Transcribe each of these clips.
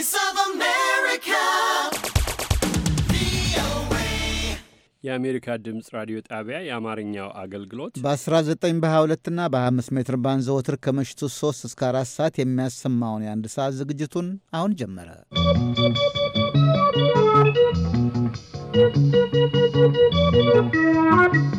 Voice of America. የአሜሪካ ድምፅ ራዲዮ ጣቢያ የአማርኛው አገልግሎት በ19 በ22 እና በ25 ሜትር ባንድ ዘወትር ከምሽቱ 3 እስከ 4 ሰዓት የሚያሰማውን የአንድ ሰዓት ዝግጅቱን አሁን ጀመረ። ¶¶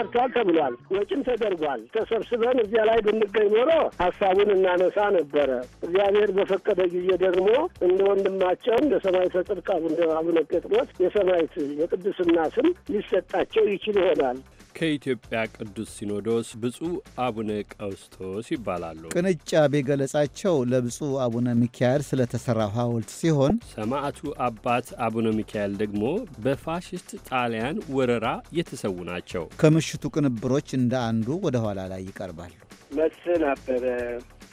ተሰርቷል ተብሏል፣ ወጪም ተደርጓል። ተሰብስበን እዚያ ላይ ብንገኝ ኖሮ ሀሳቡን እናነሳ ነበረ። እግዚአብሔር በፈቀደ ጊዜ ደግሞ እንደ ወንድማቸው እንደ ሰማዕተ ጽድቅ አቡነ ጴጥሮስ የሰማዕት የቅድስና ስም ሊሰጣቸው ይችል ይሆናል። ከኢትዮጵያ ቅዱስ ሲኖዶስ ብፁዕ አቡነ ቀውስጦስ ይባላሉ። ቅንጫቤ ገለጻቸው ለብፁዕ አቡነ ሚካኤል ስለተሰራ ሐውልት ሲሆን ሰማዕቱ አባት አቡነ ሚካኤል ደግሞ በፋሽስት ጣሊያን ወረራ የተሰዉ ናቸው። ከምሽቱ ቅንብሮች እንደ አንዱ ወደ ኋላ ላይ ይቀርባሉ። መስፍን አበበ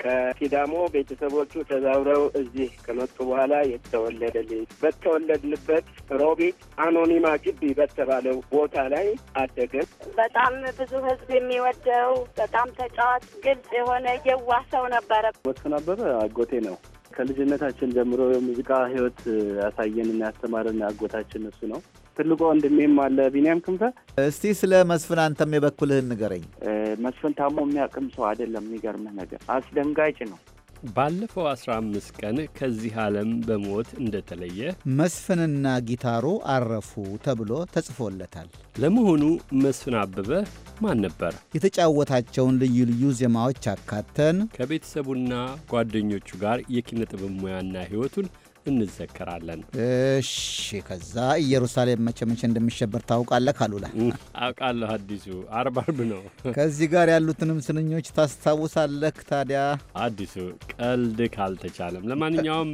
ከሲዳሞ ቤተሰቦቹ ተዛውረው እዚህ ከመጡ በኋላ የተወለደ ልጅ በተወለድንበት ሮቢት አኖኒማ ግቢ በተባለው ቦታ ላይ አደገን። በጣም ብዙ ሕዝብ የሚወደው በጣም ተጫዋች፣ ግልጽ የሆነ የዋ ሰው ነበረ። መስፍን አበበ አጎቴ ነው። ከልጅነታችን ጀምሮ የሙዚቃ ህይወት ያሳየንና ያስተማረን አጎታችን እሱ ነው። ትልቁ ወንድሜም አለ ቢኒያም ክንፈ። እስቲ ስለ መስፍን አንተም የበኩልህን ንገረኝ። መስፍን ታሞ የሚያቅም ሰው አይደለም። የሚገርምህ ነገር አስደንጋጭ ነው። ባለፈው አስራ አምስት ቀን ከዚህ ዓለም በሞት እንደተለየ መስፍንና ጊታሩ አረፉ ተብሎ ተጽፎለታል። ለመሆኑ መስፍን አበበ ማን ነበር? የተጫወታቸውን ልዩ ልዩ ዜማዎች አካተን ከቤተሰቡና ጓደኞቹ ጋር የኪነ ጥበብ ሙያና ሕይወቱን እንዘከራለን። እሺ፣ ከዛ ኢየሩሳሌም መቼ መቼ እንደሚሸበር ታውቃለህ? ካሉላ አውቃለሁ። አዲሱ አርብ አርብ ነው። ከዚህ ጋር ያሉትንም ስንኞች ታስታውሳለህ ታዲያ አዲሱ። ቀልድ ካልተቻለም ለማንኛውም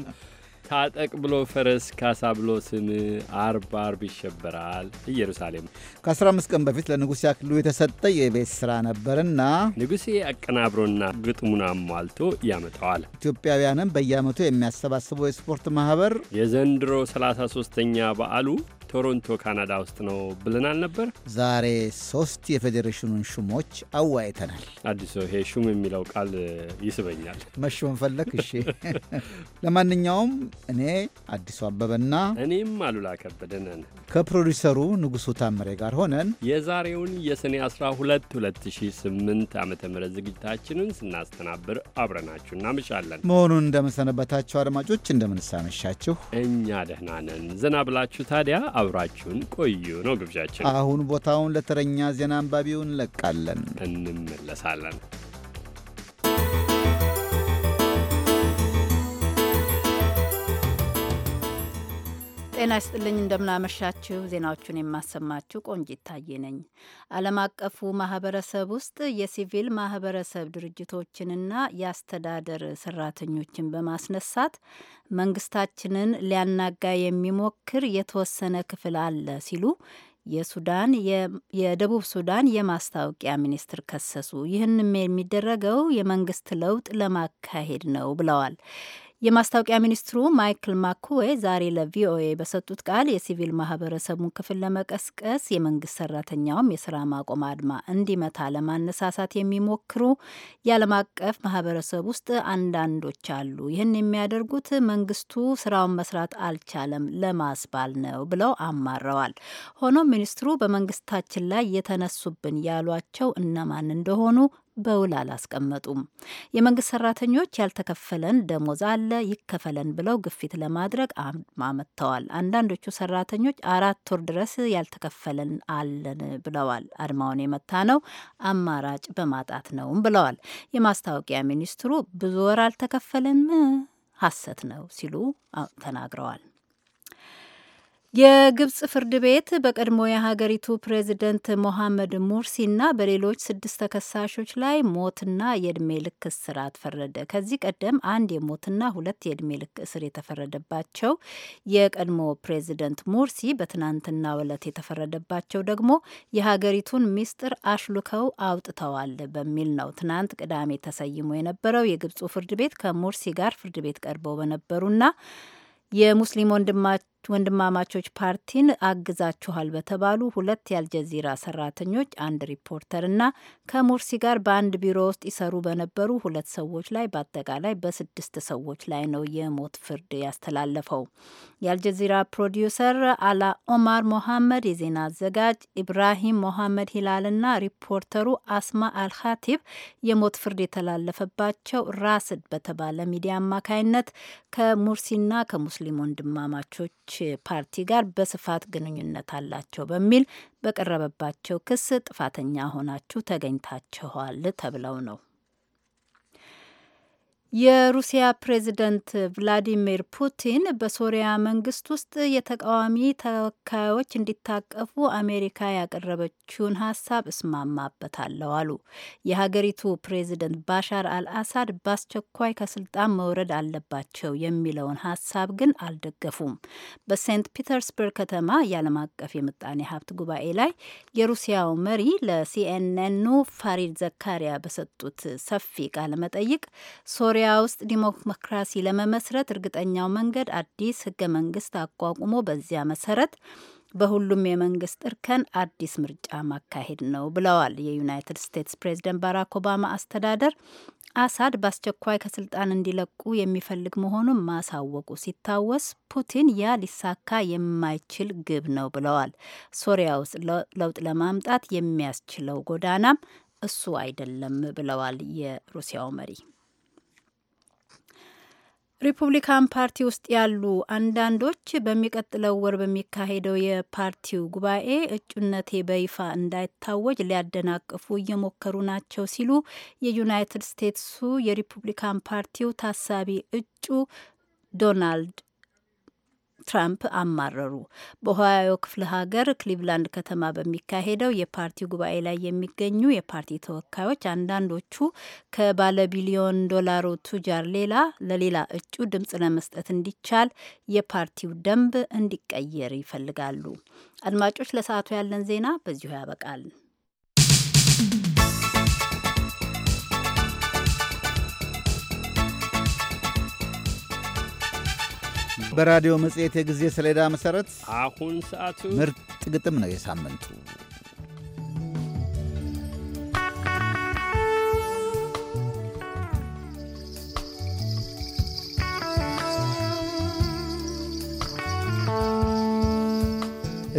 ታጠቅ ብሎ ፈረስ ካሳ ብሎ ስም አርብ አርብ ይሸበራል ኢየሩሳሌም። ከ15 ቀን በፊት ለንጉሴ አክሊሉ የተሰጠ የቤት ስራ ነበርና ንጉሴ አቀናብሮና ግጥሙን አሟልቶ ያመጣዋል። ኢትዮጵያውያንም በየዓመቱ የሚያሰባስበው የስፖርት ማህበር የዘንድሮ 33ኛ በዓሉ ቶሮንቶ ካናዳ ውስጥ ነው ብለናል ነበር። ዛሬ ሶስት የፌዴሬሽኑን ሹሞች አዋይተናል። አዲሱ ይሄ ሹም የሚለው ቃል ይስበኛል። መሹም ፈለክ? እሺ። ለማንኛውም እኔ አዲሱ አበበና እኔም አሉላ ከበደ ነን ከፕሮዲሰሩ ንጉሱ ታምሬ ጋር ሆነን የዛሬውን የሰኔ 12 2008 ዓ ም ዝግጅታችንን ስናስተናብር አብረናችሁ እናመሻለን። መሆኑን እንደምንሰነበታችሁ አድማጮች እንደምንሳመሻችሁ እኛ ደህና ነን። ዘና ብላችሁ ታዲያ አብራችሁን ቆዩ ነው ግብዣችን። አሁን ቦታውን ለተረኛ ዜና አንባቢው እንለቃለን። እንመለሳለን። ጤና ይስጥልኝ እንደምናመሻችሁ። ዜናዎቹን የማሰማችሁ ቆንጂት ታዬ ነኝ። ዓለም አቀፉ ማህበረሰብ ውስጥ የሲቪል ማህበረሰብ ድርጅቶችንና የአስተዳደር ሰራተኞችን በማስነሳት መንግስታችንን ሊያናጋ የሚሞክር የተወሰነ ክፍል አለ ሲሉ የሱዳን የደቡብ ሱዳን የማስታወቂያ ሚኒስትር ከሰሱ። ይህንም የሚደረገው የመንግስት ለውጥ ለማካሄድ ነው ብለዋል። የማስታወቂያ ሚኒስትሩ ማይክል ማኩዌ ዛሬ ለቪኦኤ በሰጡት ቃል የሲቪል ማህበረሰቡን ክፍል ለመቀስቀስ የመንግስት ሰራተኛውም የስራ ማቆም አድማ እንዲመታ ለማነሳሳት የሚሞክሩ የዓለም አቀፍ ማህበረሰብ ውስጥ አንዳንዶች አሉ። ይህን የሚያደርጉት መንግስቱ ስራውን መስራት አልቻለም ለማስባል ነው ብለው አማረዋል። ሆኖም ሚኒስትሩ በመንግስታችን ላይ የተነሱብን ያሏቸው እነማን እንደሆኑ በውል አላስቀመጡም። የመንግስት ሰራተኞች ያልተከፈለን ደሞዝ አለ ይከፈለን ብለው ግፊት ለማድረግ አድማ አንዳንዶቹ ሰራተኞች አራት ወር ድረስ ያልተከፈለን አለን ብለዋል። አድማውን የመታ ነው አማራጭ በማጣት ነውም ብለዋል። የማስታወቂያ ሚኒስትሩ ብዙ ወር አልተከፈለንም ሀሰት ነው ሲሉ ተናግረዋል። የግብጽ ፍርድ ቤት በቀድሞ የሀገሪቱ ፕሬዚደንት ሞሐመድ ሙርሲና በሌሎች ስድስት ተከሳሾች ላይ ሞትና የእድሜ ልክ እስራት ፈረደ። ከዚህ ቀደም አንድ የሞትና ሁለት የእድሜ ልክ እስር የተፈረደባቸው የቀድሞ ፕሬዚደንት ሙርሲ በትናንትና ዕለት የተፈረደባቸው ደግሞ የሀገሪቱን ሚስጥር አሽልከው አውጥተዋል በሚል ነው። ትናንት ቅዳሜ ተሰይሞ የነበረው የግብጹ ፍርድ ቤት ከሙርሲ ጋር ፍርድ ቤት ቀርበው በነበሩና የሙስሊም ወንድማ። ወንድማማቾች ፓርቲን አግዛችኋል በተባሉ ሁለት የአልጀዚራ ሰራተኞች አንድ ሪፖርተርና ከሙርሲ ጋር በአንድ ቢሮ ውስጥ ይሰሩ በነበሩ ሁለት ሰዎች ላይ በአጠቃላይ በስድስት ሰዎች ላይ ነው የሞት ፍርድ ያስተላለፈው። የአልጀዚራ ፕሮዲውሰር አላ ኦማር ሞሐመድ፣ የዜና አዘጋጅ ኢብራሂም ሞሐመድ ሂላልና ሪፖርተሩ አስማ አልካቲብ የሞት ፍርድ የተላለፈባቸው ራስድ በተባለ ሚዲያ አማካይነት ከሙርሲና ከሙስሊም ወንድማማቾች ፓርቲ ጋር በስፋት ግንኙነት አላቸው በሚል በቀረበባቸው ክስ ጥፋተኛ ሆናችሁ ተገኝታችኋል ተብለው ነው የሩሲያ ፕሬዚደንት ቭላዲሚር ፑቲን በሶሪያ መንግስት ውስጥ የተቃዋሚ ተወካዮች እንዲታቀፉ አሜሪካ ያቀረበችውን ሀሳብ እስማማበታለሁ አሉ። የሀገሪቱ ፕሬዝደንት ባሻር አልአሳድ በአስቸኳይ ከስልጣን መውረድ አለባቸው የሚለውን ሀሳብ ግን አልደገፉም። በሴንት ፒተርስበርግ ከተማ የዓለም አቀፍ የምጣኔ ሀብት ጉባኤ ላይ የሩሲያው መሪ ለሲኤንኤኑ ፋሪድ ዘካሪያ በሰጡት ሰፊ ቃለመጠይቅ ሶሪያ ኮሪያ ውስጥ ዲሞክራሲ ለመመስረት እርግጠኛው መንገድ አዲስ ህገ መንግስት አቋቁሞ በዚያ መሰረት በሁሉም የመንግስት እርከን አዲስ ምርጫ ማካሄድ ነው ብለዋል። የዩናይትድ ስቴትስ ፕሬዝደንት ባራክ ኦባማ አስተዳደር አሳድ በአስቸኳይ ከስልጣን እንዲለቁ የሚፈልግ መሆኑን ማሳወቁ ሲታወስ ፑቲን ያ ሊሳካ የማይችል ግብ ነው ብለዋል። ሶሪያ ውስጥ ለውጥ ለማምጣት የሚያስችለው ጎዳናም እሱ አይደለም ብለዋል የሩሲያው መሪ። ሪፑብሊካን ፓርቲ ውስጥ ያሉ አንዳንዶች በሚቀጥለው ወር በሚካሄደው የፓርቲው ጉባኤ እጩነቴ በይፋ እንዳይታወጅ ሊያደናቅፉ እየሞከሩ ናቸው ሲሉ የዩናይትድ ስቴትሱ የሪፑብሊካን ፓርቲው ታሳቢ እጩ ዶናልድ ትራምፕ አማረሩ። በኦሃዮ ክፍለ ሀገር ክሊቭላንድ ከተማ በሚካሄደው የፓርቲው ጉባኤ ላይ የሚገኙ የፓርቲ ተወካዮች አንዳንዶቹ ከባለ ቢሊዮን ዶላሩ ቱጃር ሌላ ለሌላ እጩ ድምፅ ለመስጠት እንዲቻል የፓርቲው ደንብ እንዲቀየር ይፈልጋሉ። አድማጮች፣ ለሰዓቱ ያለን ዜና በዚሁ ያበቃል። በራዲዮ መጽሔት የጊዜ ሰሌዳ መሠረት አሁን ሰዓቱ ምርጥ ግጥም ነው የሳምንቱ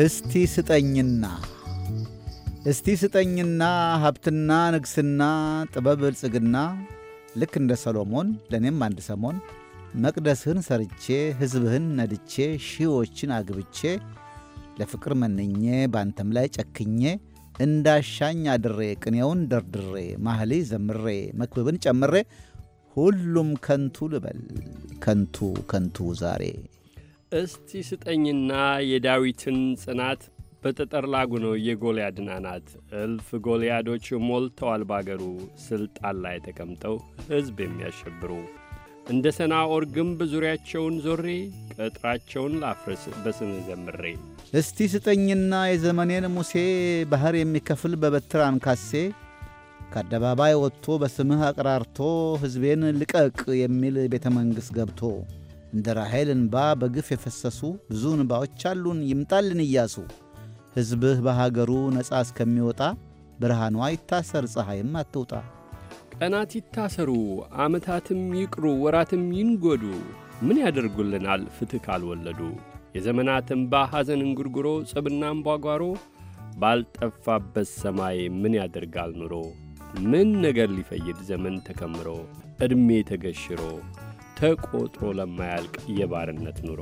እስቲ ስጠኝና እስቲ ስጠኝና ሀብትና ንግስና ጥበብ ብልጽግና ልክ እንደ ሰሎሞን ለእኔም አንድ ሰሞን መቅደስህን ሰርቼ ሕዝብህን ነድቼ ሺዎችን አግብቼ ለፍቅር መንኜ ባንተም ላይ ጨክኜ እንዳሻኝ አድሬ ቅኔውን ደርድሬ ማህሌ ዘምሬ መክብብን ጨምሬ ሁሉም ከንቱ ልበል ከንቱ ከንቱ ዛሬ። እስቲ ስጠኝና የዳዊትን ጽናት በጠጠር ላጉነው የጎልያድን እልፍ ጎልያዶች ሞልተዋል ባገሩ ስልጣን ላይ ተቀምጠው ሕዝብ የሚያሸብሩ እንደ ሰናኦር ግንብ ዙሪያቸውን ዞሬ ቅጥራቸውን ላፍርስ በስም ዘምሬ። እስቲ ስጠኝና የዘመኔን ሙሴ ባሕር የሚከፍል በበትር አንካሴ ከአደባባይ ወጥቶ በስምህ አቅራርቶ ሕዝቤን ልቀቅ የሚል ቤተ መንግሥት ገብቶ እንደ ራሔል እንባ በግፍ የፈሰሱ ብዙ እንባዎች አሉን። ይምጣልን እያሱ ሕዝብህ በሀገሩ ነጻ እስከሚወጣ ብርሃኗ ይታሰር ፀሐይም አትውጣ። ቀናት ይታሰሩ፣ ዓመታትም ይቅሩ፣ ወራትም ይንጎዱ፣ ምን ያደርጉልናል ፍትሕ ካልወለዱ? የዘመናት እንባ ሐዘን እንጉርጉሮ፣ ጽብና እምቧጓሮ ባልጠፋበት ሰማይ ምን ያደርጋል ኑሮ? ምን ነገር ሊፈይድ ዘመን ተከምሮ፣ ዕድሜ ተገሽሮ፣ ተቈጥሮ ለማያልቅ የባርነት ኑሮ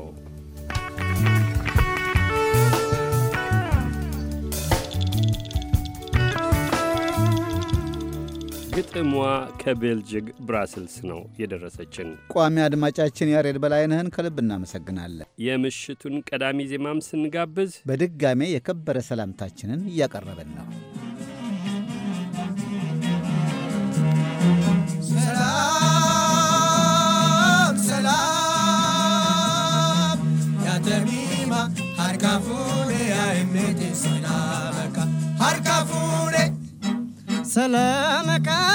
ግጥሟ ከቤልጅግ ብራስልስ ነው የደረሰችን። ቋሚ አድማጫችን ያሬድ በላይነህን ከልብ እናመሰግናለን። የምሽቱን ቀዳሚ ዜማም ስንጋብዝ በድጋሜ የከበረ ሰላምታችንን እያቀረበን ነው። ሰላም ሰላም ያተሚማ ሰላም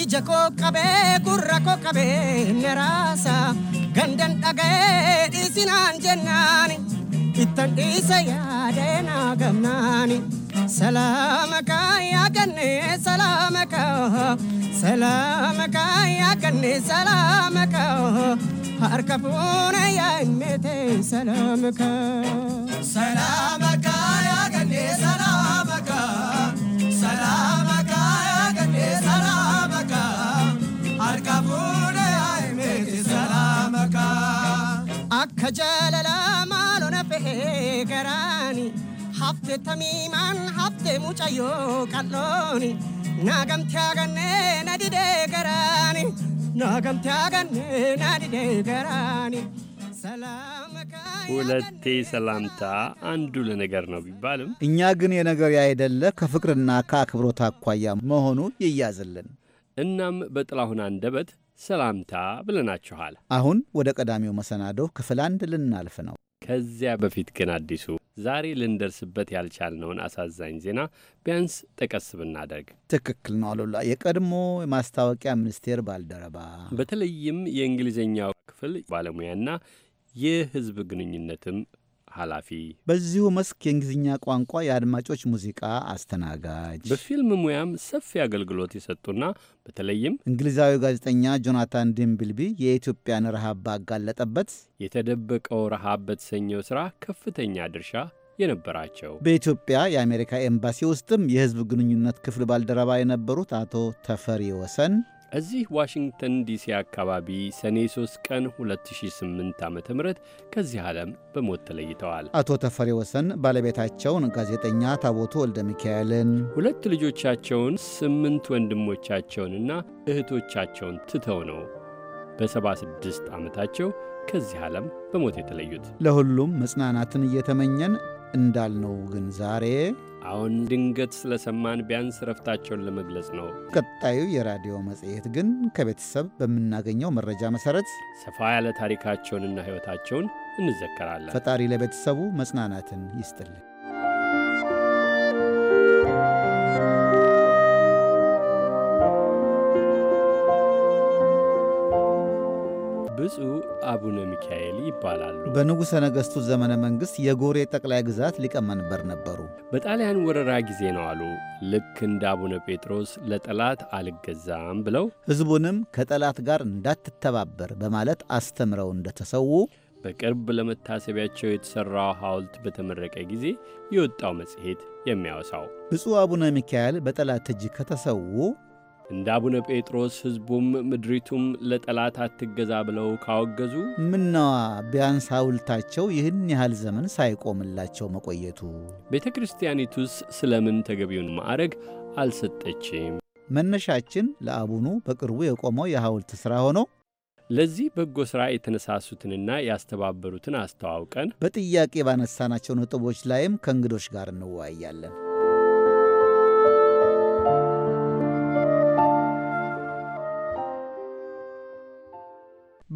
ija ko qabee gurra ko qabee inni raasa gandan dhaga'ee dhiisinaan jennaani ittan dhiisa yaadee naa gamnaani salaama kaayyaa gannee salaama kaa'oo salaama kaayyaa gannee salaama kaa'oo harka fuuna yaa himmete salaama kaa'oo salaama kaayyaa gannee salaama kaa'oo salaama ከጀለላ ማሎነ ፌሄ ገራኒ ሀፍቴ ተሚማን ሀፍቴ ሙጫዮ ቀሎኒ ናገምቴ አገኔ ነዲዴ ገራኒ ናገምቴ አገኔ ነዲዴ ገራኒ ሁለቴ ሰላምታ አንዱ ለነገር ነው ቢባልም እኛ ግን የነገር ያይደለ ከፍቅርና ከአክብሮት አኳያ መሆኑ ይያዝልን። እናም በጥላሁን አንደበት ሰላምታ ብለናችኋል። አሁን ወደ ቀዳሚው መሰናዶ ክፍል አንድ ልናልፍ ነው። ከዚያ በፊት ግን አዲሱ ዛሬ ልንደርስበት ያልቻልነውን አሳዛኝ ዜና ቢያንስ ጠቀስ ብናደርግ ትክክል ነው አሉላ። የቀድሞ የማስታወቂያ ሚኒስቴር ባልደረባ በተለይም የእንግሊዝኛው ክፍል ባለሙያና የህዝብ ግንኙነትም ኃላፊ፣ በዚሁ መስክ የእንግሊዝኛ ቋንቋ የአድማጮች ሙዚቃ አስተናጋጅ፣ በፊልም ሙያም ሰፊ አገልግሎት የሰጡና በተለይም እንግሊዛዊ ጋዜጠኛ ጆናታን ድንብልቢ የኢትዮጵያን ረሃብ ባጋለጠበት የተደበቀው ረሃብ በተሰኘው ሥራ ከፍተኛ ድርሻ የነበራቸው በኢትዮጵያ የአሜሪካ ኤምባሲ ውስጥም የሕዝብ ግንኙነት ክፍል ባልደረባ የነበሩት አቶ ተፈሪ ወሰን እዚህ ዋሽንግተን ዲሲ አካባቢ ሰኔ 3 ቀን 2008 ዓ ም ከዚህ ዓለም በሞት ተለይተዋል። አቶ ተፈሪ ወሰን ባለቤታቸውን ጋዜጠኛ ታቦቱ ወልደ ሚካኤልን፣ ሁለት ልጆቻቸውን፣ ስምንት ወንድሞቻቸውንና እህቶቻቸውን ትተው ነው በ76 ዓመታቸው ከዚህ ዓለም በሞት የተለዩት። ለሁሉም መጽናናትን እየተመኘን እንዳልነው ግን ዛሬ አሁን ድንገት ሰማን ቢያንስ ረፍታቸውን ለመግለጽ ነው። ቀጣዩ የራዲዮ መጽሔት ግን ከቤተሰብ በምናገኘው መረጃ መሠረት ሰፋ ያለ ታሪካቸውንና ሕይወታቸውን እንዘከራለን። ፈጣሪ ለቤተሰቡ መጽናናትን ይስጥልን። ብፁዕ አቡነ ሚካኤል ይባላሉ። በንጉሠ ነገሥቱ ዘመነ መንግሥት የጎሬ ጠቅላይ ግዛት ሊቀመንበር ነበሩ። በጣሊያን ወረራ ጊዜ ነው አሉ ልክ እንደ አቡነ ጴጥሮስ ለጠላት አልገዛም ብለው ሕዝቡንም ከጠላት ጋር እንዳትተባበር በማለት አስተምረው ተሰዉ በቅርብ ለመታሰቢያቸው የተሠራው ሐውልት በተመረቀ ጊዜ የወጣው መጽሔት የሚያወሳው ብፁዕ አቡነ ሚካኤል በጠላት እጅ ከተሰዉ እንደ አቡነ ጴጥሮስ ሕዝቡም ምድሪቱም ለጠላት አትገዛ ብለው ካወገዙ ምናዋ ቢያንስ ሐውልታቸው ይህን ያህል ዘመን ሳይቆምላቸው መቆየቱ። ቤተ ክርስቲያኒቱስ ስለምን ተገቢውን ማዕረግ አልሰጠችም? መነሻችን ለአቡኑ በቅርቡ የቆመው የሐውልት ሥራ ሆኖ ለዚህ በጎ ሥራ የተነሳሱትንና ያስተባበሩትን አስተዋውቀን በጥያቄ ባነሳናቸው ነጥቦች ላይም ከእንግዶች ጋር እንወያያለን።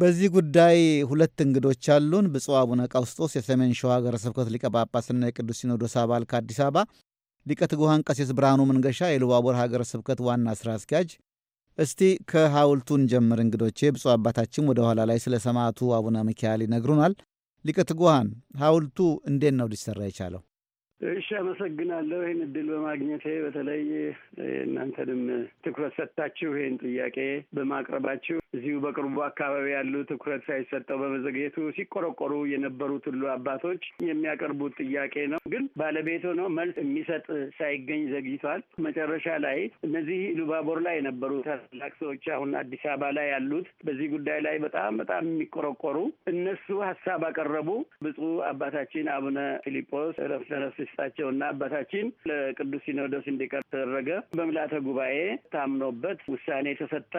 በዚህ ጉዳይ ሁለት እንግዶች አሉን። ብፁዕ አቡነ ቀውስጦስ የሰሜን ሸዋ ሀገረ ስብከት ሊቀ ጳጳስና የቅዱስ ሲኖዶስ አባል ከአዲስ አበባ፣ ሊቀ ትጉሃን ቀሲስ ብርሃኑ መንገሻ የኢሉባቦር ሀገረ ስብከት ዋና ስራ አስኪያጅ። እስቲ ከሐውልቱን ጀምር እንግዶቼ። ብፁዕ አባታችን ወደ ኋላ ላይ ስለ ሰማዕቱ አቡነ ሚካኤል ይነግሩናል። ሊቀ ትጉሃን ሐውልቱ እንዴት ነው ሊሰራ የቻለው? እሺ፣ አመሰግናለሁ ይህን እድል በማግኘቴ በተለይ እናንተንም ትኩረት ሰጥታችሁ ይህን ጥያቄ በማቅረባችሁ እዚሁ በቅርቡ አካባቢ ያሉ ትኩረት ሳይሰጠው በመዘግየቱ ሲቆረቆሩ የነበሩት ሁሉ አባቶች የሚያቀርቡት ጥያቄ ነው። ግን ባለቤት ሆኖ መልስ የሚሰጥ ሳይገኝ ዘግይቷል። መጨረሻ ላይ እነዚህ ሉባቦር ላይ የነበሩ ታላቅ ሰዎች አሁን አዲስ አበባ ላይ ያሉት በዚህ ጉዳይ ላይ በጣም በጣም የሚቆረቆሩ እነሱ ሀሳብ አቀረቡ። ብፁ አባታችን አቡነ ፊሊጶስ ረፍረፍ እሳቸውና አባታችን ለቅዱስ ሲኖዶስ እንዲቀር ተደረገ። በምልአተ ጉባኤ ታምኖበት ውሳኔ ተሰጠ።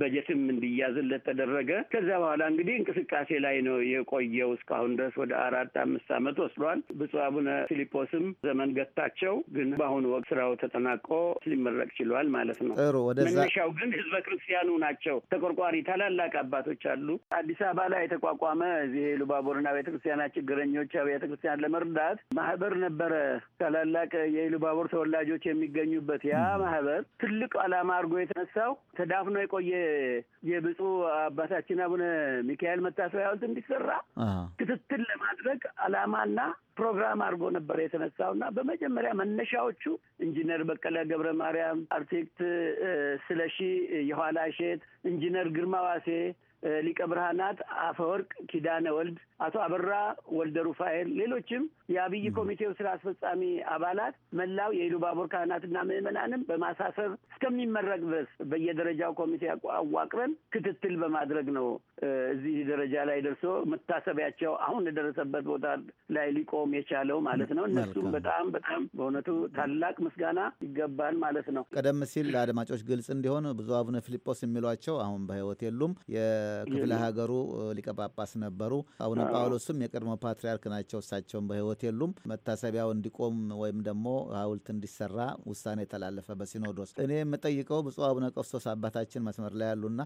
በጀትም እንዲያዝለት ተደረገ። ከዚያ በኋላ እንግዲህ እንቅስቃሴ ላይ ነው የቆየው እስካሁን ድረስ ወደ አራት አምስት ዓመት ወስዷል። ብፁዕ አቡነ ፊሊፖስም ዘመን ገታቸው፣ ግን በአሁኑ ወቅት ስራው ተጠናቆ ሊመረቅ ችሏል ማለት ነው። ጥሩ መነሻው ግን ህዝበ ክርስቲያኑ ናቸው። ተቆርቋሪ ታላላቅ አባቶች አሉ። አዲስ አበባ ላይ የተቋቋመ እዚህ ሉባቦርና ቤተክርስቲያና ችግረኞች ቤተክርስቲያን ለመርዳት ማህበር ነበረ ታላላቅ ባቡር ተወላጆች የሚገኙበት ያ ማህበር ትልቅ ዓላማ አድርጎ የተነሳው ተዳፍኖ የቆየ የብፁዕ አባታችን አቡነ ሚካኤል መታሰቢያ ሐውልት እንዲሰራ ክትትል ለማድረግ ዓላማና ፕሮግራም አድርጎ ነበር የተነሳው እና በመጀመሪያ መነሻዎቹ ኢንጂነር በቀለ ገብረ ማርያም፣ አርክቴክት ስለሺ የኋላ ሼት፣ ኢንጂነር ግርማ ዋሴ ሊቀ ብርሃናት አፈወርቅ ኪዳነ ወልድ፣ አቶ አበራ ወልደ ሩፋኤል፣ ሌሎችም የአብይ ኮሚቴው ስራ አስፈጻሚ አባላት፣ መላው የኢሉባቦር ካህናትና ምዕመናንም በማሳሰብ እስከሚመረቅ ድረስ በየደረጃው ኮሚቴ አዋቅረን ክትትል በማድረግ ነው እዚህ ደረጃ ላይ ደርሶ መታሰቢያቸው አሁን የደረሰበት ቦታ ላይ ሊቆም የቻለው ማለት ነው። እነሱም በጣም በጣም በእውነቱ ታላቅ ምስጋና ይገባል ማለት ነው። ቀደም ሲል ለአድማጮች ግልጽ እንዲሆን ብዙ አቡነ ፊልጶስ የሚሏቸው አሁን በህይወት የሉም የክፍለ ሀገሩ ሊቀጳጳስ ነበሩ። አቡነ ጳውሎስም የቀድሞ ፓትርያርክ ናቸው። እሳቸውም በህይወት የሉም። መታሰቢያው እንዲቆም ወይም ደግሞ ሀውልት እንዲሰራ ውሳኔ የተላለፈ በሲኖዶስ። እኔ የምጠይቀው ብፁዕ አቡነ ቀውስጦስ አባታችን መስመር ላይ ያሉና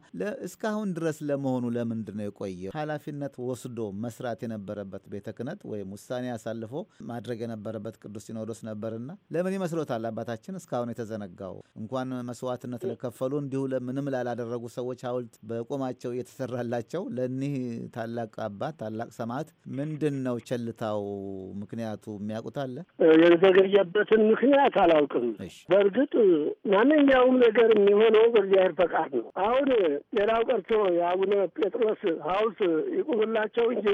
እስካሁን ድረስ ለመሆኑ ለምንድን ነው የቆየው? ኃላፊነት ወስዶ መስራት የነበረበት ቤተ ክህነት ወይም ውሳኔ አሳልፎ ማድረግ የነበረበት ቅዱስ ሲኖዶስ ነበርና ለምን ይመስሎታል አባታችን እስካሁን የተዘነጋው? እንኳን መስዋዕትነት ለከፈሉ እንዲሁ ለምንም ላላደረጉ ሰዎች ሀውልት በቆማቸው የተሰራላቸው ለእኒህ ታላቅ አባት ታላቅ ሰማዕት ምንድን ነው ቸልታው? ምክንያቱ የሚያውቁት አለ? የዘገየበትን ምክንያት አላውቅም። በእርግጥ ማንኛውም ነገር የሚሆነው በእግዚአብሔር ፈቃድ ነው። አሁን ሌላው ቀርቶ የአቡነ ጴጥሮስ ሐውልት ይቁምላቸው እንጂ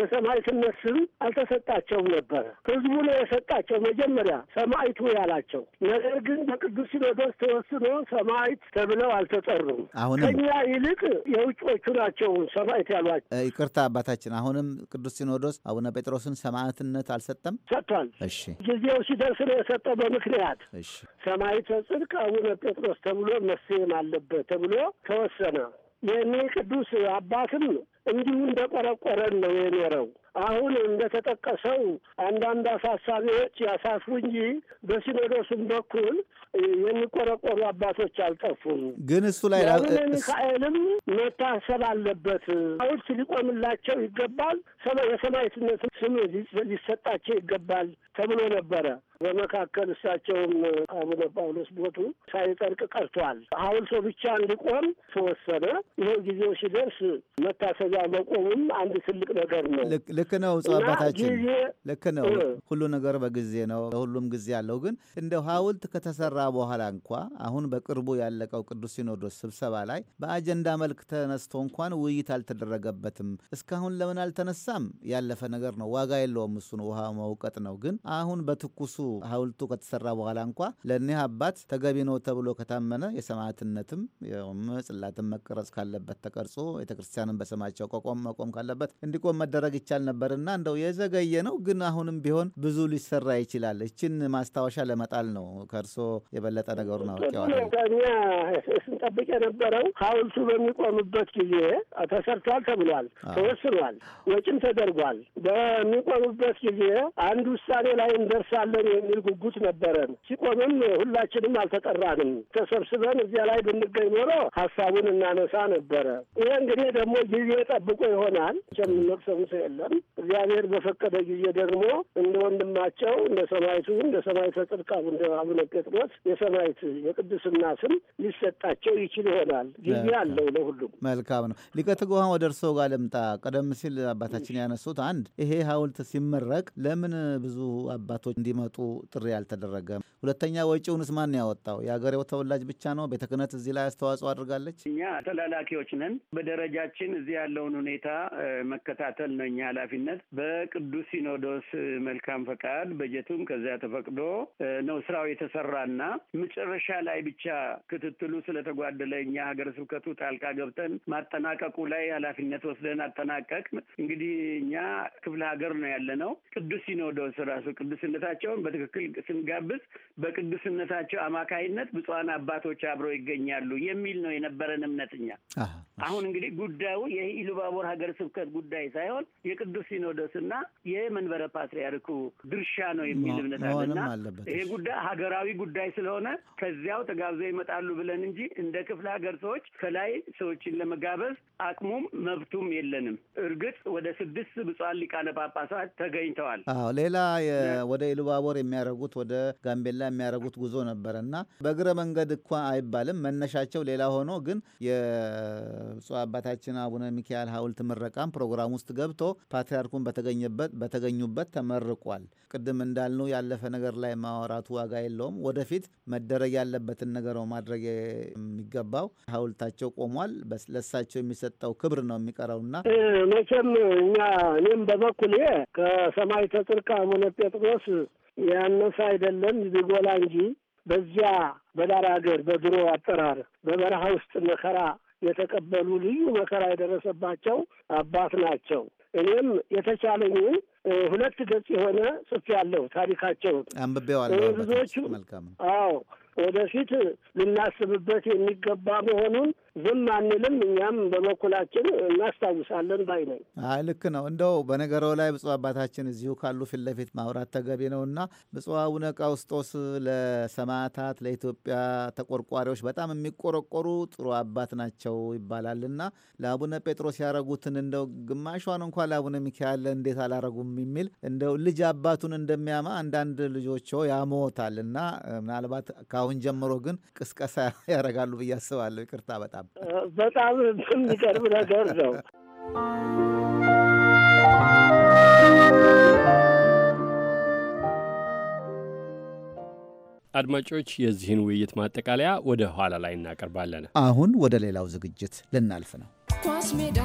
የሰማዕትነት ስም አልተሰጣቸውም ነበረ። ህዝቡ ነው የሰጣቸው መጀመሪያ ሰማዕቱ ያላቸው። ነገር ግን በቅዱስ ሲኖዶስ ተወስኖ ሰማዕት ተብለው አልተጠሩም። ከኛ ይልቅ የውጮቹ ሌሎቹ ናቸው ሰማዕት ያሏቸው። ይቅርታ አባታችን፣ አሁንም ቅዱስ ሲኖዶስ አቡነ ጴጥሮስን ሰማዕትነት አልሰጠም? ሰጥቷል። እሺ፣ ጊዜው ሲደርስ ነው የሰጠው በምክንያት። እሺ፣ ሰማዕተ ጽድቅ አቡነ ጴጥሮስ ተብሎ መሰየም አለበት ተብሎ ተወሰነ። የእኔ ቅዱስ አባትም እንዲሁ እንደቆረቆረን ነው የኖረው። አሁን እንደተጠቀሰው አንዳንድ አሳሳቢዎች ያሳስቡ እንጂ በሲኖዶሱም በኩል የሚቆረቆሩ አባቶች አልጠፉም። ግን እሱ ላይ ሚካኤልም መታሰብ አለበት። ሐውልት ሊቆምላቸው ይገባል፣ የሰማዕትነት ስም ሊሰጣቸው ይገባል ተብሎ ነበረ። በመካከል እሳቸውም አቡነ ጳውሎስ ቦቱ ሳይጠርቅ ቀርቷል። ሐውልቶ ብቻ እንዲቆም ተወሰነ። ይኸው ጊዜው ሲደርስ መታሰብ በዛ መቆሙም አንድ ትልቅ ነገር ነው። ልክ ነው ብፁዕ አባታችን፣ ልክ ነው። ሁሉ ነገር በጊዜ ነው፣ ለሁሉም ጊዜ አለው። ግን እንደ ሀውልት ከተሰራ በኋላ እንኳ አሁን በቅርቡ ያለቀው ቅዱስ ሲኖዶስ ስብሰባ ላይ በአጀንዳ መልክ ተነስቶ እንኳን ውይይት አልተደረገበትም። እስካሁን ለምን አልተነሳም? ያለፈ ነገር ነው፣ ዋጋ የለውም። እሱን ውሃ መውቀጥ ነው። ግን አሁን በትኩሱ ሀውልቱ ከተሰራ በኋላ እንኳ ለእኒህ አባት ተገቢ ነው ተብሎ ከታመነ የሰማዕትነትም ጽላትን መቀረጽ ካለበት ተቀርጾ ቤተክርስቲያንን በሰማቸው መቆም መቆም ካለበት እንዲቆም መደረግ ይቻል ነበርና እንደው የዘገየ ነው፣ ግን አሁንም ቢሆን ብዙ ሊሰራ ይችላል። እችን ማስታወሻ ለመጣል ነው። ከእርሶ የበለጠ ነገሩን አውቄዋለሁ። ስንጠብቅ የነበረው ሀውልቱ በሚቆምበት ጊዜ ተሰርቷል ተብሏል፣ ተወስኗል፣ ወጪም ተደርጓል። በሚቆምበት ጊዜ አንድ ውሳኔ ላይ እንደርሳለን የሚል ጉጉት ነበረን። ሲቆምም ሁላችንም አልተጠራንም። ተሰብስበን እዚያ ላይ ብንገኝ ኖሮ ሀሳቡን እናነሳ ነበረ። ይሄ እንግዲህ ደግሞ ጊዜ ጠብቆ ይሆናል። የምንወቅሰው ሰው የለም። እግዚአብሔር በፈቀደ ጊዜ ደግሞ እንደ ወንድማቸው እንደ ሰማይቱ እንደ ሰማይተ ጽድቅ እንደ አቡነ ጴጥሮስ የሰማይት የቅድስና ስም ሊሰጣቸው ይችል ይሆናል። ጊዜ አለው ለሁሉም። መልካም ነው። ሊቀ ትጉሃን ወደ እርስዎ ጋር ልምጣ። ቀደም ሲል አባታችን ያነሱት አንድ ይሄ ሀውልት ሲመረቅ ለምን ብዙ አባቶች እንዲመጡ ጥሪ አልተደረገም? ሁለተኛ ወጪውንስ ማን ያወጣው? የሀገሬው ተወላጅ ብቻ ነው? ቤተ ክህነት እዚህ ላይ አስተዋጽኦ አድርጋለች? እኛ ተላላኪዎች ነን። በደረጃችን እዚህ ያለው ያለውን ሁኔታ መከታተል ነው እኛ ኃላፊነት። በቅዱስ ሲኖዶስ መልካም ፈቃድ በጀቱም ከዚያ ተፈቅዶ ነው ስራው የተሰራና መጨረሻ ላይ ብቻ ክትትሉ ስለተጓደለ እኛ ሀገረ ስብከቱ ጣልቃ ገብተን ማጠናቀቁ ላይ ኃላፊነት ወስደን አጠናቀቅ። እንግዲህ እኛ ክፍለ ሀገር ነው ያለ ነው። ቅዱስ ሲኖዶስ ራሱ ቅዱስነታቸውን በትክክል ስንጋብዝ በቅዱስነታቸው አማካይነት ብፁዓን አባቶች አብረው ይገኛሉ የሚል ነው የነበረን እምነት እኛ አሁን እንግዲህ ጉዳዩ የኢሉ የባቡር ሀገረ ስብከት ጉዳይ ሳይሆን የቅዱስ ሲኖዶስና የመንበረ ፓትሪያርኩ ድርሻ ነው የሚል እምነት አለና ይሄ ጉዳይ ሀገራዊ ጉዳይ ስለሆነ ከዚያው ተጋብዘው ይመጣሉ ብለን እንጂ እንደ ክፍለ ሀገር ሰዎች ከላይ ሰዎችን ለመጋበዝ አቅሙም መብቱም የለንም። እርግጥ ወደ ስድስት ብፁዓን ሊቃነ ጳጳሳት ተገኝተዋል። አዎ ሌላ ወደ ኢሉባቦር የሚያደርጉት ወደ ጋምቤላ የሚያደርጉት ጉዞ ነበር እና በእግረ መንገድ እኳ አይባልም መነሻቸው ሌላ ሆኖ ግን የብፁዕ አባታችን አቡነ ሚካ ሚካኤል ሐውልት ምረቃም ፕሮግራም ውስጥ ገብቶ ፓትርያርኩን በተገኘበት በተገኙበት ተመርቋል። ቅድም እንዳልነው ያለፈ ነገር ላይ ማወራቱ ዋጋ የለውም። ወደፊት መደረግ ያለበትን ነገር ነው ማድረግ የሚገባው። ሐውልታቸው ቆሟል። ለሳቸው የሚሰጠው ክብር ነው የሚቀረውና መቼም እኛ እኔም በበኩሌ ከሰማይ ተጽርቃ አቡነ ጴጥሮስ ያነሳ አይደለም ዝጎላ እንጂ በዚያ በዳር ሀገር በድሮ አጠራር በበረሃ ውስጥ መከራ የተቀበሉ ልዩ መከራ የደረሰባቸው አባት ናቸው። እኔም የተቻለኝን ሁለት ገጽ የሆነ ያለው ታሪካቸውን አንብቤዋለሁ። ብዙዎቹ መልካም። አዎ ወደፊት ልናስብበት የሚገባ መሆኑን ዝም አንልም። እኛም በበኩላችን እናስታውሳለን ባይ ነኝ። አይ ልክ ነው። እንደው በነገረው ላይ ብፁዕ አባታችን እዚሁ ካሉ ፊት ለፊት ማውራት ተገቢ ነው እና ብፁዕ አቡነ ቀውስጦስ ለሰማዕታት ለኢትዮጵያ ተቆርቋሪዎች በጣም የሚቆረቆሩ ጥሩ አባት ናቸው ይባላል እና ለአቡነ ጴጥሮስ ያረጉትን እንደው ግማሿን እንኳ ለአቡነ ሚካኤል እንዴት አላረጉም የሚል እንደው ልጅ አባቱን እንደሚያማ አንዳንድ ልጆች ያሞታል እና ምናልባት ከአሁን ጀምሮ ግን ቅስቀሳ ያደርጋሉ ብዬ አስባለሁ። ይቅርታ በጣም በጣም የሚቀርብ ነገር ነው። አድማጮች የዚህን ውይይት ማጠቃለያ ወደ ኋላ ላይ እናቀርባለን። አሁን ወደ ሌላው ዝግጅት ልናልፍ ነው። ኳስ ሜዳ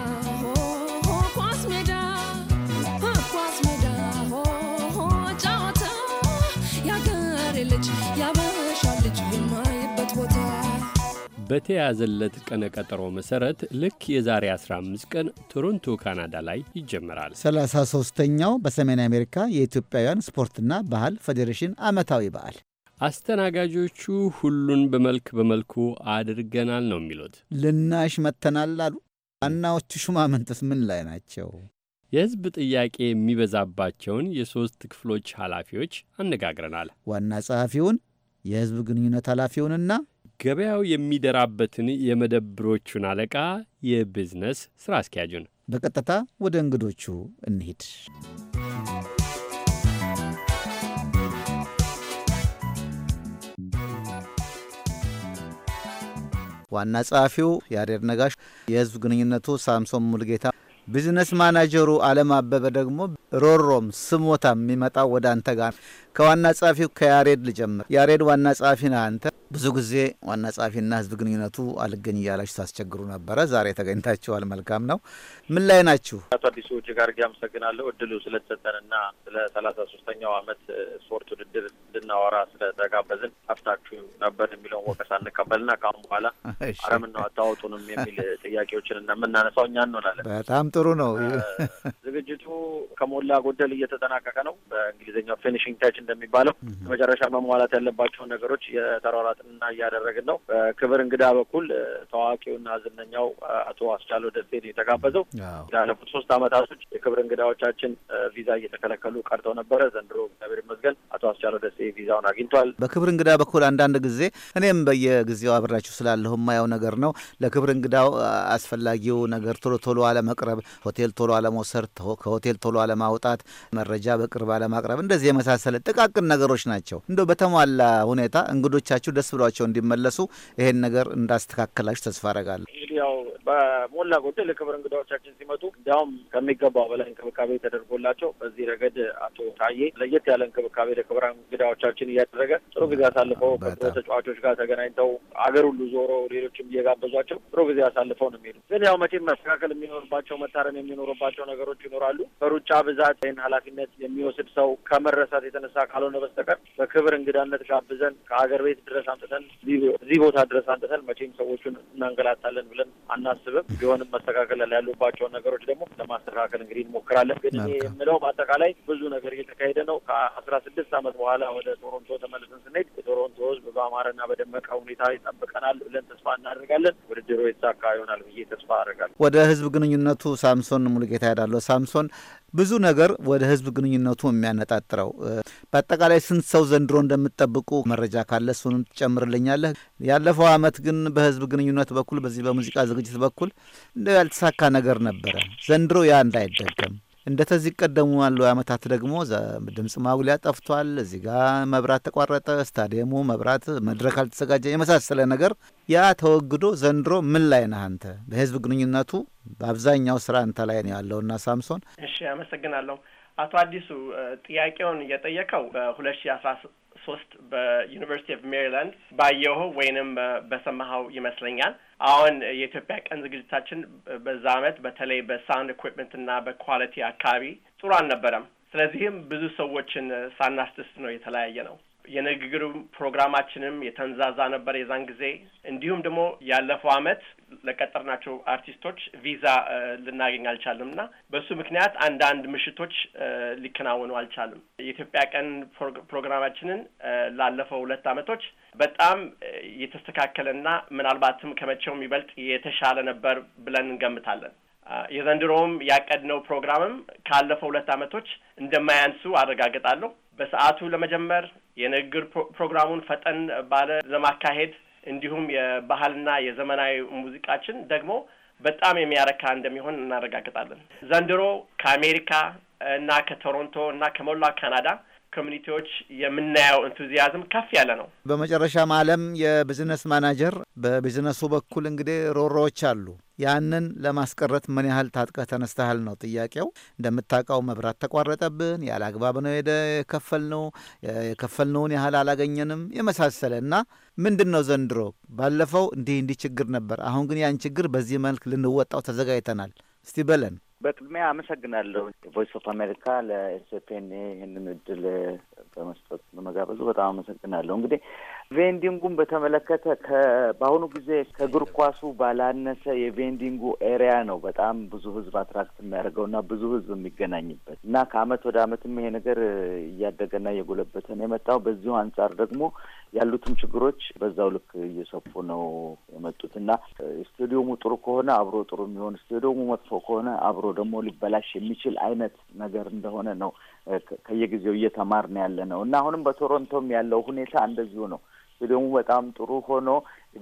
በተያዘለት ቀነ ቀጠሮ መሠረት ልክ የዛሬ 15 ቀን ቶሮንቶ ካናዳ ላይ ይጀምራል። 33ኛው በሰሜን አሜሪካ የኢትዮጵያውያን ስፖርትና ባህል ፌዴሬሽን ዓመታዊ በዓል አስተናጋጆቹ ሁሉን በመልክ በመልኩ አድርገናል ነው የሚሉት። ልናሽ መተናል አሉ። ዋናዎቹ ሹማምንትስ ምን ላይ ናቸው? የሕዝብ ጥያቄ የሚበዛባቸውን የሦስት ክፍሎች ኃላፊዎች አነጋግረናል። ዋና ጸሐፊውን፣ የሕዝብ ግንኙነት ኃላፊውንና ገበያው የሚደራበትን የመደብሮቹን አለቃ የቢዝነስ ሥራ አስኪያጁን በቀጥታ ወደ እንግዶቹ እንሂድ። ዋና ጸሐፊው ያሬድ ነጋሽ፣ የህዝብ ግንኙነቱ ሳምሶን ሙልጌታ፣ ቢዝነስ ማናጀሩ አለም አበበ ደግሞ ሮሮም ስሞታ የሚመጣው ወደ አንተ ጋር ከዋና ጸሐፊው ከያሬድ ልጀምር። ያሬድ ዋና ጸሐፊ ነህ አንተ ብዙ ጊዜ ዋና ጸሐፊና ህዝብ ግንኙነቱ አልገኝ እያላችሁ ታስቸግሩ ነበረ። ዛሬ ተገኝታችኋል። መልካም ነው። ምን ላይ ናችሁ? አቶ አዲሱ እጅግ አድርጌ አመሰግናለሁ እድሉ ስለተሰጠንና ስለ ሰላሳ ሶስተኛው አመት ስፖርት ውድድር እንድናወራ ስለተጋበዝን አፍታችሁ ነበር የሚለውን ወቀሳ እንቀበልና ከአሁን በኋላ አረምና አታወጡንም የሚል ጥያቄዎችን እንደምናነሳው እኛ እንሆናለን። በጣም ጥሩ ነው። ዝግጅቱ ከሞላ ጎደል እየተጠናቀቀ ነው። በእንግሊዝኛው ፊኒሽንግ ታች እንደሚባለው መጨረሻ መሟላት ያለባቸውን ነገሮች የተሯሯጠ ጥናትና እያደረግን ነው። ክብር እንግዳ በኩል ታዋቂውና ዝነኛው አቶ አስቻለው ነው የተጋበዘው ላለፉት ሶስት አመታቶች የክብር እንግዳዎቻችን ቪዛ እየተከለከሉ ቀርተው ነበረ። ዘንድሮ እግዚአብሔር ይመስገን አቶ አስቻለው ደሴ ቪዛውን አግኝቷል። በክብር እንግዳ በኩል አንዳንድ ጊዜ እኔም በየጊዜው አብራችሁ ስላለሁ የማየው ነገር ነው። ለክብር እንግዳው አስፈላጊው ነገር ቶሎ ቶሎ አለመቅረብ፣ ሆቴል ቶሎ አለመውሰድ፣ ከሆቴል ቶሎ አለማውጣት፣ መረጃ በቅርብ አለማቅረብ፣ እንደዚህ የመሳሰለ ጥቃቅን ነገሮች ናቸው። እንደው በተሟላ ሁኔታ እንግዶቻችሁ ደስ ደስ ብሏቸው እንዲመለሱ ይሄን ነገር እንዳስተካከላችሁ ተስፋ አረጋለሁ። ያው በሞላ ጎደል ለክብር እንግዳዎቻችን ሲመጡ እንዲያውም ከሚገባው በላይ እንክብካቤ ተደርጎላቸው በዚህ ረገድ አቶ ታዬ ለየት ያለ እንክብካቤ ለክብር እንግዳዎቻችን እያደረገ ጥሩ ጊዜ አሳልፈው ከተጫዋቾች ጋር ተገናኝተው አገር ሁሉ ዞሮ ሌሎችም እየጋበዟቸው ጥሩ ጊዜ አሳልፈው ነው የሚሄዱ። ግን ያው መቼም መስተካከል የሚኖርባቸው መታረም የሚኖርባቸው ነገሮች ይኖራሉ። በሩጫ ብዛት ይህን ኃላፊነት የሚወስድ ሰው ከመረሳት የተነሳ ካልሆነ በስተቀር በክብር እንግዳነት ጋብዘን ከሀገር ቤት ድረስ አምጥተን እዚህ ቦታ ድረስ አንጥተን መቼም ሰዎቹን እናንገላታለን ብለን አናስብም። ቢሆንም መስተካከል ያሉባቸውን ነገሮች ደግሞ ለማስተካከል እንግዲህ እንሞክራለን። ግን እኔ የምለው በአጠቃላይ ብዙ ነገር እየተካሄደ ነው። ከአስራ ስድስት ዓመት በኋላ ወደ ቶሮንቶ ተመልሰን ስንሄድ የቶሮንቶ ህዝብ በአማረና በደመቀ ሁኔታ ይጠብቀናል ብለን ተስፋ እናደርጋለን። ውድድሩ የተሳካ ይሆናል ብዬ ተስፋ አደርጋለሁ። ወደ ህዝብ ግንኙነቱ ሳምሶን ሙሉጌታ ሄዳለሁ። ሳምሶን ብዙ ነገር ወደ ህዝብ ግንኙነቱ የሚያነጣጥረው። በአጠቃላይ ስንት ሰው ዘንድሮ እንደምትጠብቁ መረጃ ካለ እሱንም ትጨምርልኛለህ? ያለፈው አመት ግን በህዝብ ግንኙነት በኩል በዚህ በሙዚቃ ዝግጅት በኩል እንደው ያልተሳካ ነገር ነበረ። ዘንድሮ ያ እንዳይደገም እንደ ተዚህ ቀደሙ ያሉ ዓመታት ደግሞ ድምፅ ማጉሊያ ጠፍቷል። እዚህ ጋ መብራት ተቋረጠ፣ ስታዲየሙ መብራት፣ መድረክ አልተዘጋጀ የመሳሰለ ነገር ያ ተወግዶ ዘንድሮ ምን ላይ ነህ አንተ? በህዝብ ግንኙነቱ በአብዛኛው ስራ አንተ ላይ ነው ያለውና ሳምሶን። እሺ፣ አመሰግናለሁ አቶ አዲሱ ጥያቄውን የጠየቀው በሁለት ሺ አስራ ሶስት በዩኒቨርሲቲ ኦፍ ሜሪላንድ ባየሁ ወይንም በሰማኸው ይመስለኛል። አሁን የኢትዮጵያ ቀን ዝግጅታችን በዛ አመት በተለይ በሳውንድ ኢኩዊፕመንት እና በኳሊቲ አካባቢ ጥሩ አልነበረም። ስለዚህም ብዙ ሰዎችን ሳናስደስት ነው የተለያየ ነው። የንግግሩ ፕሮግራማችንም የተንዛዛ ነበር የዛን ጊዜ። እንዲሁም ደግሞ ያለፈው አመት ለቀጠርናቸው አርቲስቶች ቪዛ ልናገኝ አልቻልም እና በሱ ምክንያት አንዳንድ ምሽቶች ሊከናወኑ አልቻልም። የኢትዮጵያ ቀን ፕሮግራማችንን ላለፈው ሁለት ዓመቶች በጣም የተስተካከለና ምናልባትም ከመቼውም ይበልጥ የተሻለ ነበር ብለን እንገምታለን። የዘንድሮውም ያቀድነው ፕሮግራምም ካለፈው ሁለት ዓመቶች እንደማያንሱ አረጋግጣለሁ። በሰዓቱ ለመጀመር የንግግር ፕሮግራሙን ፈጠን ባለ ለማካሄድ እንዲሁም የባህልና የዘመናዊ ሙዚቃችን ደግሞ በጣም የሚያረካ እንደሚሆን እናረጋግጣለን። ዘንድሮ ከአሜሪካ እና ከቶሮንቶ እና ከሞላ ካናዳ ኮሚኒቲዎች የምናየው ኤንቱዚያዝም ከፍ ያለ ነው። በመጨረሻም አለም የቢዝነስ ማናጀር፣ በቢዝነሱ በኩል እንግዲህ ሮሮዎች አሉ። ያንን ለማስቀረት ምን ያህል ታጥቀህ ተነስተሃል ነው ጥያቄው። እንደምታውቀው መብራት ተቋረጠብን፣ ያለ አግባብ ነው ሄደ የከፈልነው፣ የከፈልነውን ያህል አላገኘንም የመሳሰለ እና ምንድን ነው ዘንድሮ ባለፈው እንዲህ እንዲህ ችግር ነበር፣ አሁን ግን ያን ችግር በዚህ መልክ ልንወጣው ተዘጋጅተናል። እስቲ በለን በቅድሚያ አመሰግናለሁ ቮይስ ኦፍ አሜሪካ ለኤስፔን ይህንን እድል በመስጠት በመጋበዙ በጣም አመሰግናለሁ። እንግዲህ ቬንዲንጉን በተመለከተ በአሁኑ ጊዜ ከእግር ኳሱ ባላነሰ የቬንዲንጉ ኤሪያ ነው በጣም ብዙ ህዝብ አትራክት የሚያደርገው እና ብዙ ህዝብ የሚገናኝበት እና ከአመት ወደ አመትም ይሄ ነገር እያደገና እየጎለበተ ነው የመጣው። በዚሁ አንጻር ደግሞ ያሉትም ችግሮች በዛው ልክ እየሰፉ ነው የመጡት እና ስቴዲየሙ ጥሩ ከሆነ አብሮ ጥሩ የሚሆን ስቴዲየሙ መጥፎ ከሆነ አብሮ ደግሞ ሊበላሽ የሚችል አይነት ነገር እንደሆነ ነው ከየጊዜው እየተማርን ያለ ነው እና አሁንም በቶሮንቶም ያለው ሁኔታ እንደዚሁ ነው። ደግሞ በጣም ጥሩ ሆኖ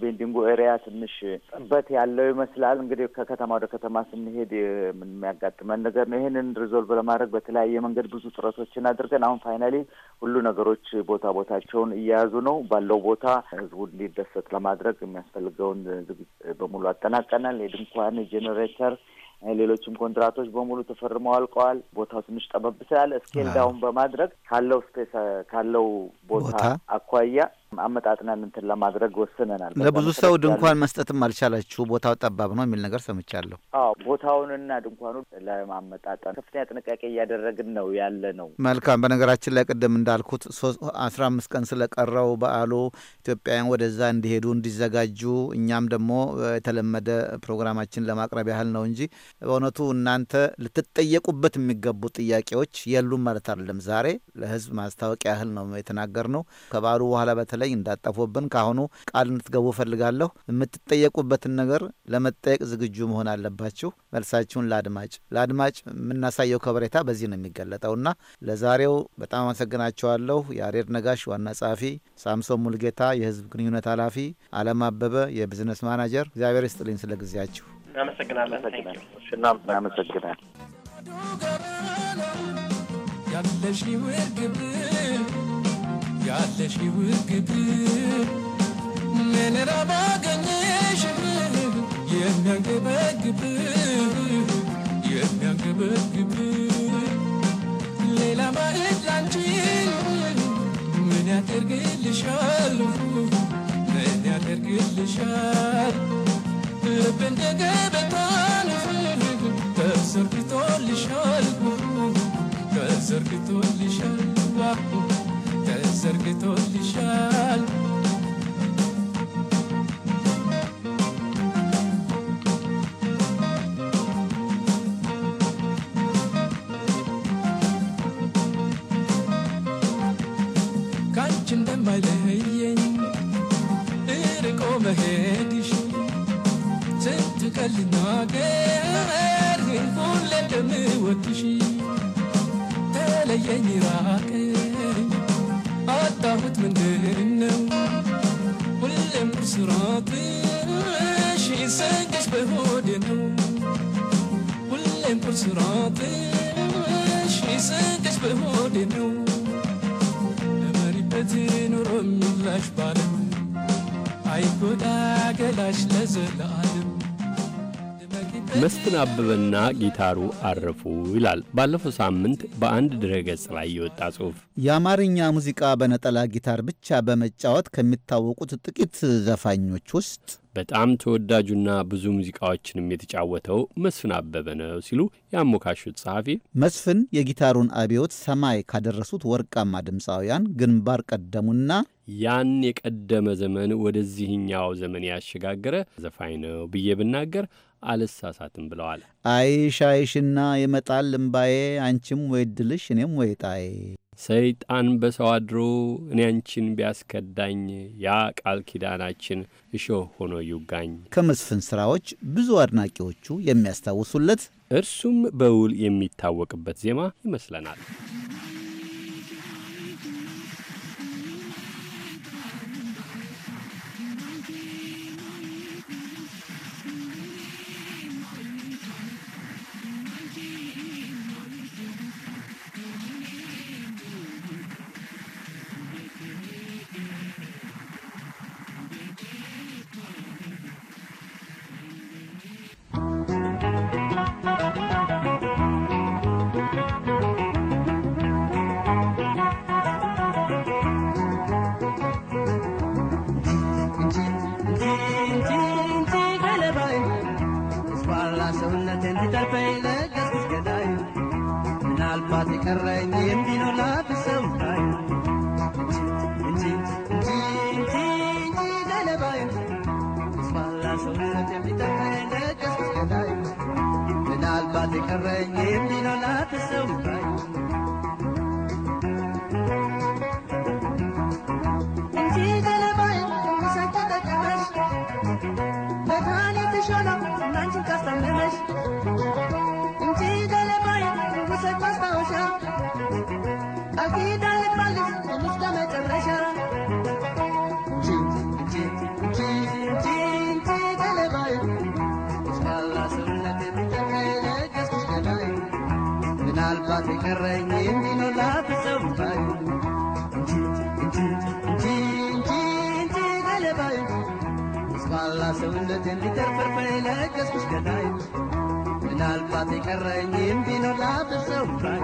ቤንዲንጎ ኤሪያ ትንሽ ጥበት ያለው ይመስላል። እንግዲህ ከከተማ ወደ ከተማ ስንሄድ የሚያጋጥመን ነገር ነው። ይህንን ሪዞልቭ ለማድረግ በተለያየ መንገድ ብዙ ጥረቶችን አድርገን አሁን ፋይናሊ ሁሉ ነገሮች ቦታ ቦታቸውን እየያዙ ነው። ባለው ቦታ ህዝቡ እንዲደሰት ለማድረግ የሚያስፈልገውን ዝግ በሙሉ አጠናቀናል። የድንኳን ጄኔሬተር ሌሎችም ኮንትራቶች በሙሉ ተፈርመው አልቀዋል። ቦታው ትንሽ ጠበብ ስላለ ስኬል ዳውን በማድረግ ካለው ስፔስ ካለው ቦታ አኳያ አመጣጥነን እንትን ለማድረግ ወስነናል። ለብዙ ሰው ድንኳን መስጠትም አልቻላችሁ፣ ቦታው ጠባብ ነው የሚል ነገር ሰምቻለሁ። አዎ ቦታውንና ድንኳኑ ለማመጣጠን ከፍተኛ ጥንቃቄ እያደረግን ነው ያለ ነው። መልካም። በነገራችን ላይ ቅድም እንዳልኩት አስራ አምስት ቀን ስለቀረው በዓሉ ኢትዮጵያውያን ወደዛ እንዲሄዱ እንዲዘጋጁ፣ እኛም ደግሞ የተለመደ ፕሮግራማችን ለማቅረብ ያህል ነው እንጂ በእውነቱ እናንተ ልትጠየቁበት የሚገቡ ጥያቄዎች የሉም ማለት አይደለም። ዛሬ ለህዝብ ማስታወቂያ ያህል ነው የተናገር ነው። ከበዓሉ በኋላ ላይ እንዳጠፉብን ካአሁኑ ቃል እንድትገቡ እፈልጋለሁ። የምትጠየቁበትን ነገር ለመጠየቅ ዝግጁ መሆን አለባችሁ። መልሳችሁን ለአድማጭ ለአድማጭ የምናሳየው ከበሬታ በዚህ ነው የሚገለጠውና ለዛሬው በጣም አመሰግናቸዋለሁ። የአሬድ ነጋሽ ዋና ጸሐፊ፣ ሳምሶን ሙልጌታ የህዝብ ግንኙነት ኃላፊ፣ አለም አበበ የቢዝነስ ማናጀር፣ እግዚአብሔር ይስጥልኝ ስለ ጊዜያችሁ እናመሰግናለን። እናመሰግናለን። ያለሽ ውዝግብ ምንራ ባገኘሽ የሚያንገበግብ የሚያንገበግብ ሌላ ባዕድ ላንቺ ምን ያደርግልሻል ምን ያደርግልሻል ልብ እንደ ገበታ ተዘርግቶልሻል ተዘርግቶልሻል ዘርግቶልሻል ካንቺ እንደማይለየኝ እርቆ መሄድሽ ስንት ቀን ልናገር ሁሌ እንደምወድሽ ተለየኝ ራቅሽ تعبت مننا ولا مش راضي شي يسقس بهودنا ولا مش راضي شي يسقس بهودنا مريبتين ورمي الله يخبرنا عيكو داقلاش لازل عالم መስፍን አበበና ጊታሩ አረፉ ይላል ባለፈው ሳምንት በአንድ ድረገጽ ላይ የወጣ ጽሑፍ። የአማርኛ ሙዚቃ በነጠላ ጊታር ብቻ በመጫወት ከሚታወቁት ጥቂት ዘፋኞች ውስጥ በጣም ተወዳጁና ብዙ ሙዚቃዎችንም የተጫወተው መስፍን አበበ ነው ሲሉ ያሞካሹት ጸሐፊ መስፍን የጊታሩን አብዮት ሰማይ ካደረሱት ወርቃማ ድምፃውያን ግንባር ቀደሙና ያን የቀደመ ዘመን ወደዚህኛው ዘመን ያሸጋገረ ዘፋኝ ነው ብዬ ብናገር አልሳሳትም ብለዋል። አይሽ አይሽና የመጣል እምባዬ አንቺም ወይ ድልሽ እኔም ወይ ጣዬ ሰይጣን በሰው አድሮ እኔ አንቺን ቢያስከዳኝ ያ ቃል ኪዳናችን እሾህ ሆኖ ይውጋኝ። ከመስፍን ሥራዎች ብዙ አድናቂዎቹ የሚያስታውሱለት እርሱም በውል የሚታወቅበት ዜማ ይመስለናል። ቀረኝ የሚለላ ተሰማኝ እንጂ ገለባይ አባት የቀረኝ የሚሉላ ተሰማኝ እንጂ እንጂ እንጂ ሰውነት እንዲተርፈርፈይ ለገስኩስ ገዳይ ምናልባት የቀረኝ የሚሉላ ተሰማኝ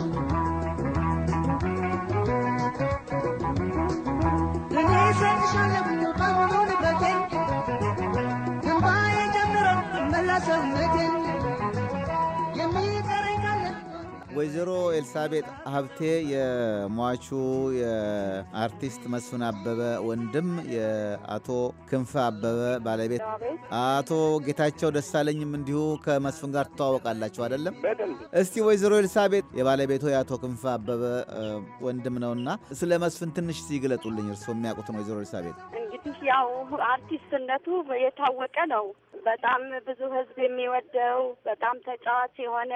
ወይዘሮ ኤልሳቤጥ ሀብቴ የሟቹ የአርቲስት መስፍን አበበ ወንድም የአቶ ክንፈ አበበ ባለቤት አቶ ጌታቸው ደሳለኝም እንዲሁ ከመስፍን ጋር ትተዋወቃላችሁ አይደለም? እስቲ ወይዘሮ ኤልሳቤጥ የባለቤቱ የአቶ ክንፈ አበበ ወንድም ነውና ስለ መስፍን ትንሽ ሲግለጡልኝ፣ እርስዎ የሚያውቁትን ወይዘሮ ኤልሳቤጥ። እንግዲህ ያው አርቲስትነቱ የታወቀ ነው። በጣም ብዙ ህዝብ የሚወደው በጣም ተጫዋች የሆነ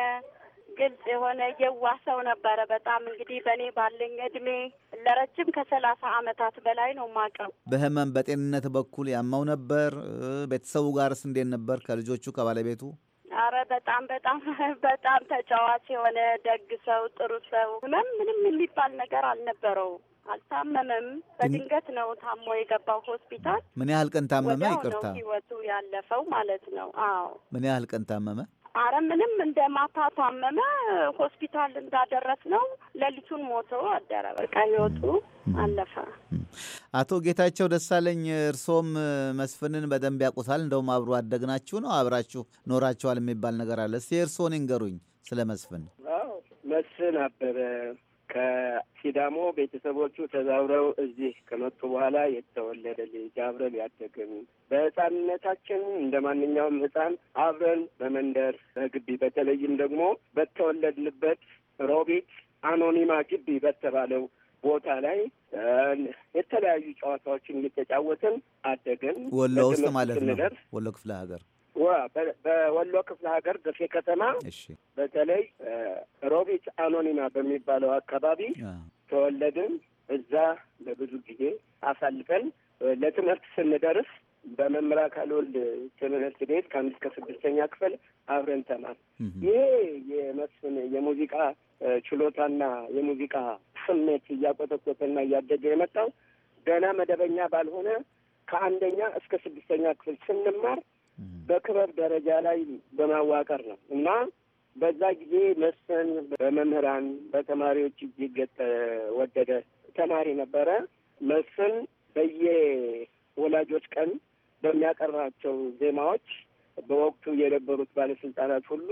ግልጽ የሆነ የዋህ ሰው ነበረ። በጣም እንግዲህ በእኔ ባለኝ እድሜ ለረጅም ከሰላሳ አመታት በላይ ነው ማቀው። በህመም በጤንነት በኩል ያማው ነበር። ቤተሰቡ ጋርስ እንዴት ነበር? ከልጆቹ ከባለቤቱ? አረ በጣም በጣም በጣም ተጫዋች የሆነ ደግ ሰው፣ ጥሩ ሰው። ህመም ምንም የሚባል ነገር አልነበረው። አልታመመም። በድንገት ነው ታሞ የገባው ሆስፒታል። ምን ያህል ቀን ታመመ? ይቅርታ፣ ህይወቱ ያለፈው ማለት ነው። አዎ፣ ምን ያህል ቀን ታመመ? አረ ምንም እንደ ማታ ታመመ ሆስፒታል እንዳደረስ ነው ሌሊቱን ሞቶ አደረ። በቃ ህይወቱ አለፈ። አቶ ጌታቸው ደሳለኝ እርሶም መስፍንን በደንብ ያውቁታል። እንደውም አብሮ አደግናችሁ ነው አብራችሁ ኖራችኋል የሚባል ነገር አለ። እስኪ እርስዎን ይንገሩኝ ስለ መስፍን። መስፍን አበበ ከሲዳሞ ቤተሰቦቹ ተዛውረው እዚህ ከመጡ በኋላ የተወለደ ልጅ አብረን ያደግን በህፃንነታችን እንደ ማንኛውም ህፃን አብረን በመንደር በግቢ በተለይም ደግሞ በተወለድንበት ሮቢት አኖኒማ ግቢ በተባለው ቦታ ላይ የተለያዩ ጨዋታዎችን እየተጫወትን አደግን። ወሎ ውስጥ ማለት ነው። ወሎ ክፍለ ሀገር በወሎ ክፍለ ሀገር ደሴ ከተማ በተለይ ሮቢት አኖኒማ በሚባለው አካባቢ ተወለድን። እዛ ለብዙ ጊዜ አሳልፈን ለትምህርት ስንደርስ በመምራ ካልወልድ ትምህርት ቤት ከአንድ እስከ ስድስተኛ ክፍል አብረን ተማር። ይሄ የመስፍን የሙዚቃ ችሎታና የሙዚቃ ስሜት እያቆጠቆጠና እያደገ የመጣው ገና መደበኛ ባልሆነ ከአንደኛ እስከ ስድስተኛ ክፍል ስንማር በክበብ ደረጃ ላይ በማዋቀር ነው እና በዛ ጊዜ መስፍን በመምህራን በተማሪዎች እጅግ የተወደደ ተማሪ ነበረ። መስፍን በየወላጆች ቀን በሚያቀርባቸው ዜማዎች በወቅቱ የነበሩት ባለስልጣናት ሁሉ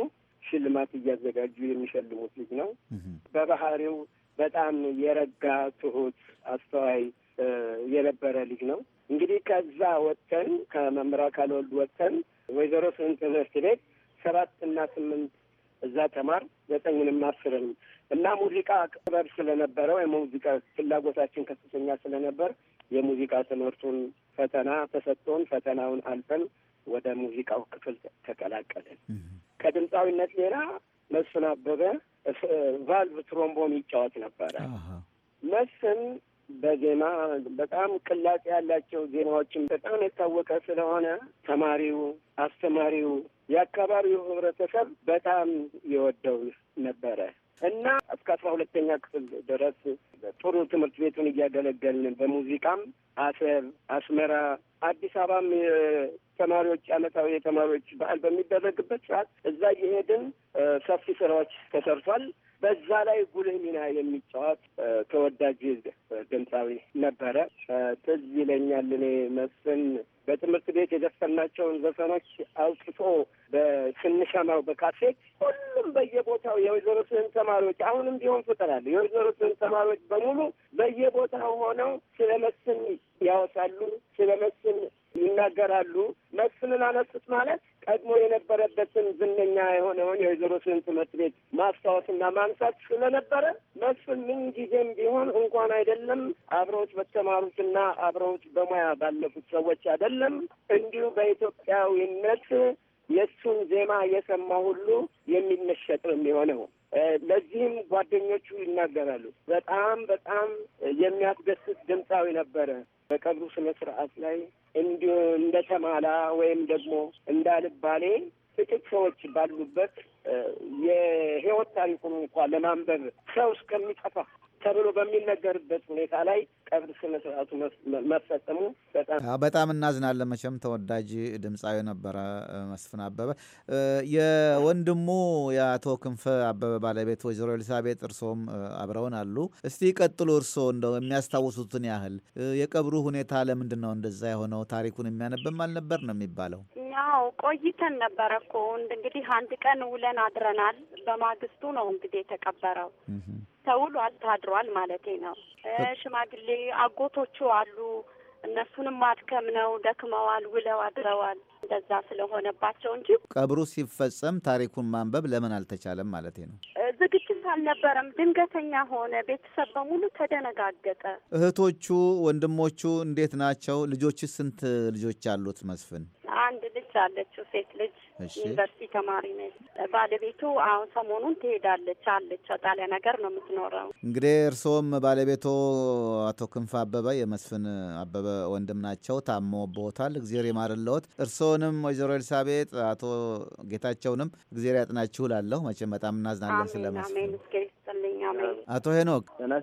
ሽልማት እያዘጋጁ የሚሸልሙት ልጅ ነው። በባህሪው በጣም የረጋ ትሁት፣ አስተዋይ የነበረ ልጅ ነው። እንግዲህ ከዛ ወጥተን ከመምህር አካል ወልድ ወጥተን ወይዘሮ ስንት ትምህርት ቤት ሰባት እና ስምንት እዛ ተማር ዘጠኝንም አስርን እና ሙዚቃ ክበብ ስለነበረ ወይም ሙዚቃ ፍላጎታችን ከፍተኛ ስለነበር የሙዚቃ ትምህርቱን ፈተና ተሰጥቶን ፈተናውን አልፈን ወደ ሙዚቃው ክፍል ተቀላቀልን። ከድምፃዊነት ሌላ መስፍን አበበ ቫልቭ ትሮምቦን ይጫወት ነበረ። መስፍን በዜማ በጣም ቅላጽ ያላቸው ዜማዎችን በጣም የታወቀ ስለሆነ ተማሪው፣ አስተማሪው፣ የአካባቢው ህብረተሰብ በጣም የወደው ነበረ እና እስከ አስራ ሁለተኛ ክፍል ድረስ ጥሩ ትምህርት ቤቱን እያገለገልን በሙዚቃም አሰብ፣ አስመራ፣ አዲስ አበባም ተማሪዎች አመታዊ የተማሪዎች በዓል በሚደረግበት ሰዓት እዛ እየሄድን ሰፊ ስራዎች ተሰርቷል። በዛ ላይ ጉልህ ሚና የሚጫወት ተወዳጅ ድምፃዊ ነበረ። ትዝ ይለኛል እኔ መስፍን በትምህርት ቤት የዘፈናቸውን ዘፈኖች አውጥቶ በስንሸማው በካሴት ሁሉም በየቦታው የወይዘሮ ስህን ተማሪዎች አሁንም ቢሆን ፍጠራል የወይዘሮ ስህን ተማሪዎች በሙሉ በየቦታው ሆነው ስለ መስፍን ያወሳሉ፣ ስለ መስፍን ይናገራሉ። መስፍንን አነሱት ማለት ቀድሞ የነበረበትን ዝነኛ የሆነውን የወይዘሮ ስህን ትምህርት ቤት ማስታወስና ማንሳት ስለነበረ መስፍን ምንጊዜም ቢሆን እንኳን አይደለም አብረውት በተማሩትና አብረውት በሙያ ባለፉት ሰዎች አይደለም እንዲሁ በኢትዮጵያዊነት የእሱን ዜማ የሰማ ሁሉ የሚነሸጥ ነው የሚሆነው። ለዚህም ጓደኞቹ ይናገራሉ። በጣም በጣም የሚያስደስት ድምፃዊ ነበረ። በቀብሩ ስነ ስርዓት ላይ እንዲ እንደ ተማላ ወይም ደግሞ እንዳልባሌ ጥቂት ሰዎች ባሉበት የህይወት ታሪኩን እንኳ ለማንበብ ሰው እስከሚጠፋ ተብሎ በሚነገርበት ሁኔታ ላይ ቀብር ስነ ስርዓቱ መፈጸሙ በጣም በጣም እናዝናለን። መቼም ተወዳጅ ድምፃዊ ነበረ መስፍን አበበ። የወንድሙ የአቶ ክንፈ አበበ ባለቤት ወይዘሮ ኤልሳቤጥ እርሶም አብረውን አሉ። እስቲ ቀጥሎ እርሶ እንደው የሚያስታውሱትን ያህል የቀብሩ ሁኔታ ለምንድን ነው እንደዛ የሆነው? ታሪኩን የሚያነብም አልነበር ነው የሚባለው? ያው ቆይተን ነበረ እኮ እንግዲህ አንድ ቀን ውለን አድረናል። በማግስቱ ነው እንግዲህ የተቀበረው። ተውሏል ታድሯል ማለቴ ነው። ሽማግሌ አጎቶቹ አሉ። እነሱንም ማድከም ነው። ደክመዋል፣ ውለው አድረዋል። እንደዛ ስለሆነባቸው እንጂ ቀብሩ ሲፈጸም ታሪኩን ማንበብ ለምን አልተቻለም ማለት ነው። ዝግጅት አልነበረም። ድንገተኛ ሆነ። ቤተሰብ በሙሉ ተደነጋገጠ። እህቶቹ፣ ወንድሞቹ እንዴት ናቸው? ልጆች ስንት ልጆች አሉት መስፍን? አንድ ልጅ አለችው ሴት ልጅ ዩኒቨርሲቲ ተማሪ ነች። ባለቤቱ አሁን ሰሞኑን ትሄዳለች አለች። ጣሊያ ነገር ነው የምትኖረው። እንግዲህ እርስዎም ባለቤቶ አቶ ክንፈ አበበ የመስፍን አበበ ወንድም ናቸው። ታሞ ቦታል። እግዜር ይማርልዎት። እርስዎንም ወይዘሮ ኤልሳቤጥ አቶ ጌታቸውንም እግዜር ያጥናችሁ እላለሁ። መቼም በጣም እናዝናለን ስለመስፍን። አቶ ሄኖክ ጤና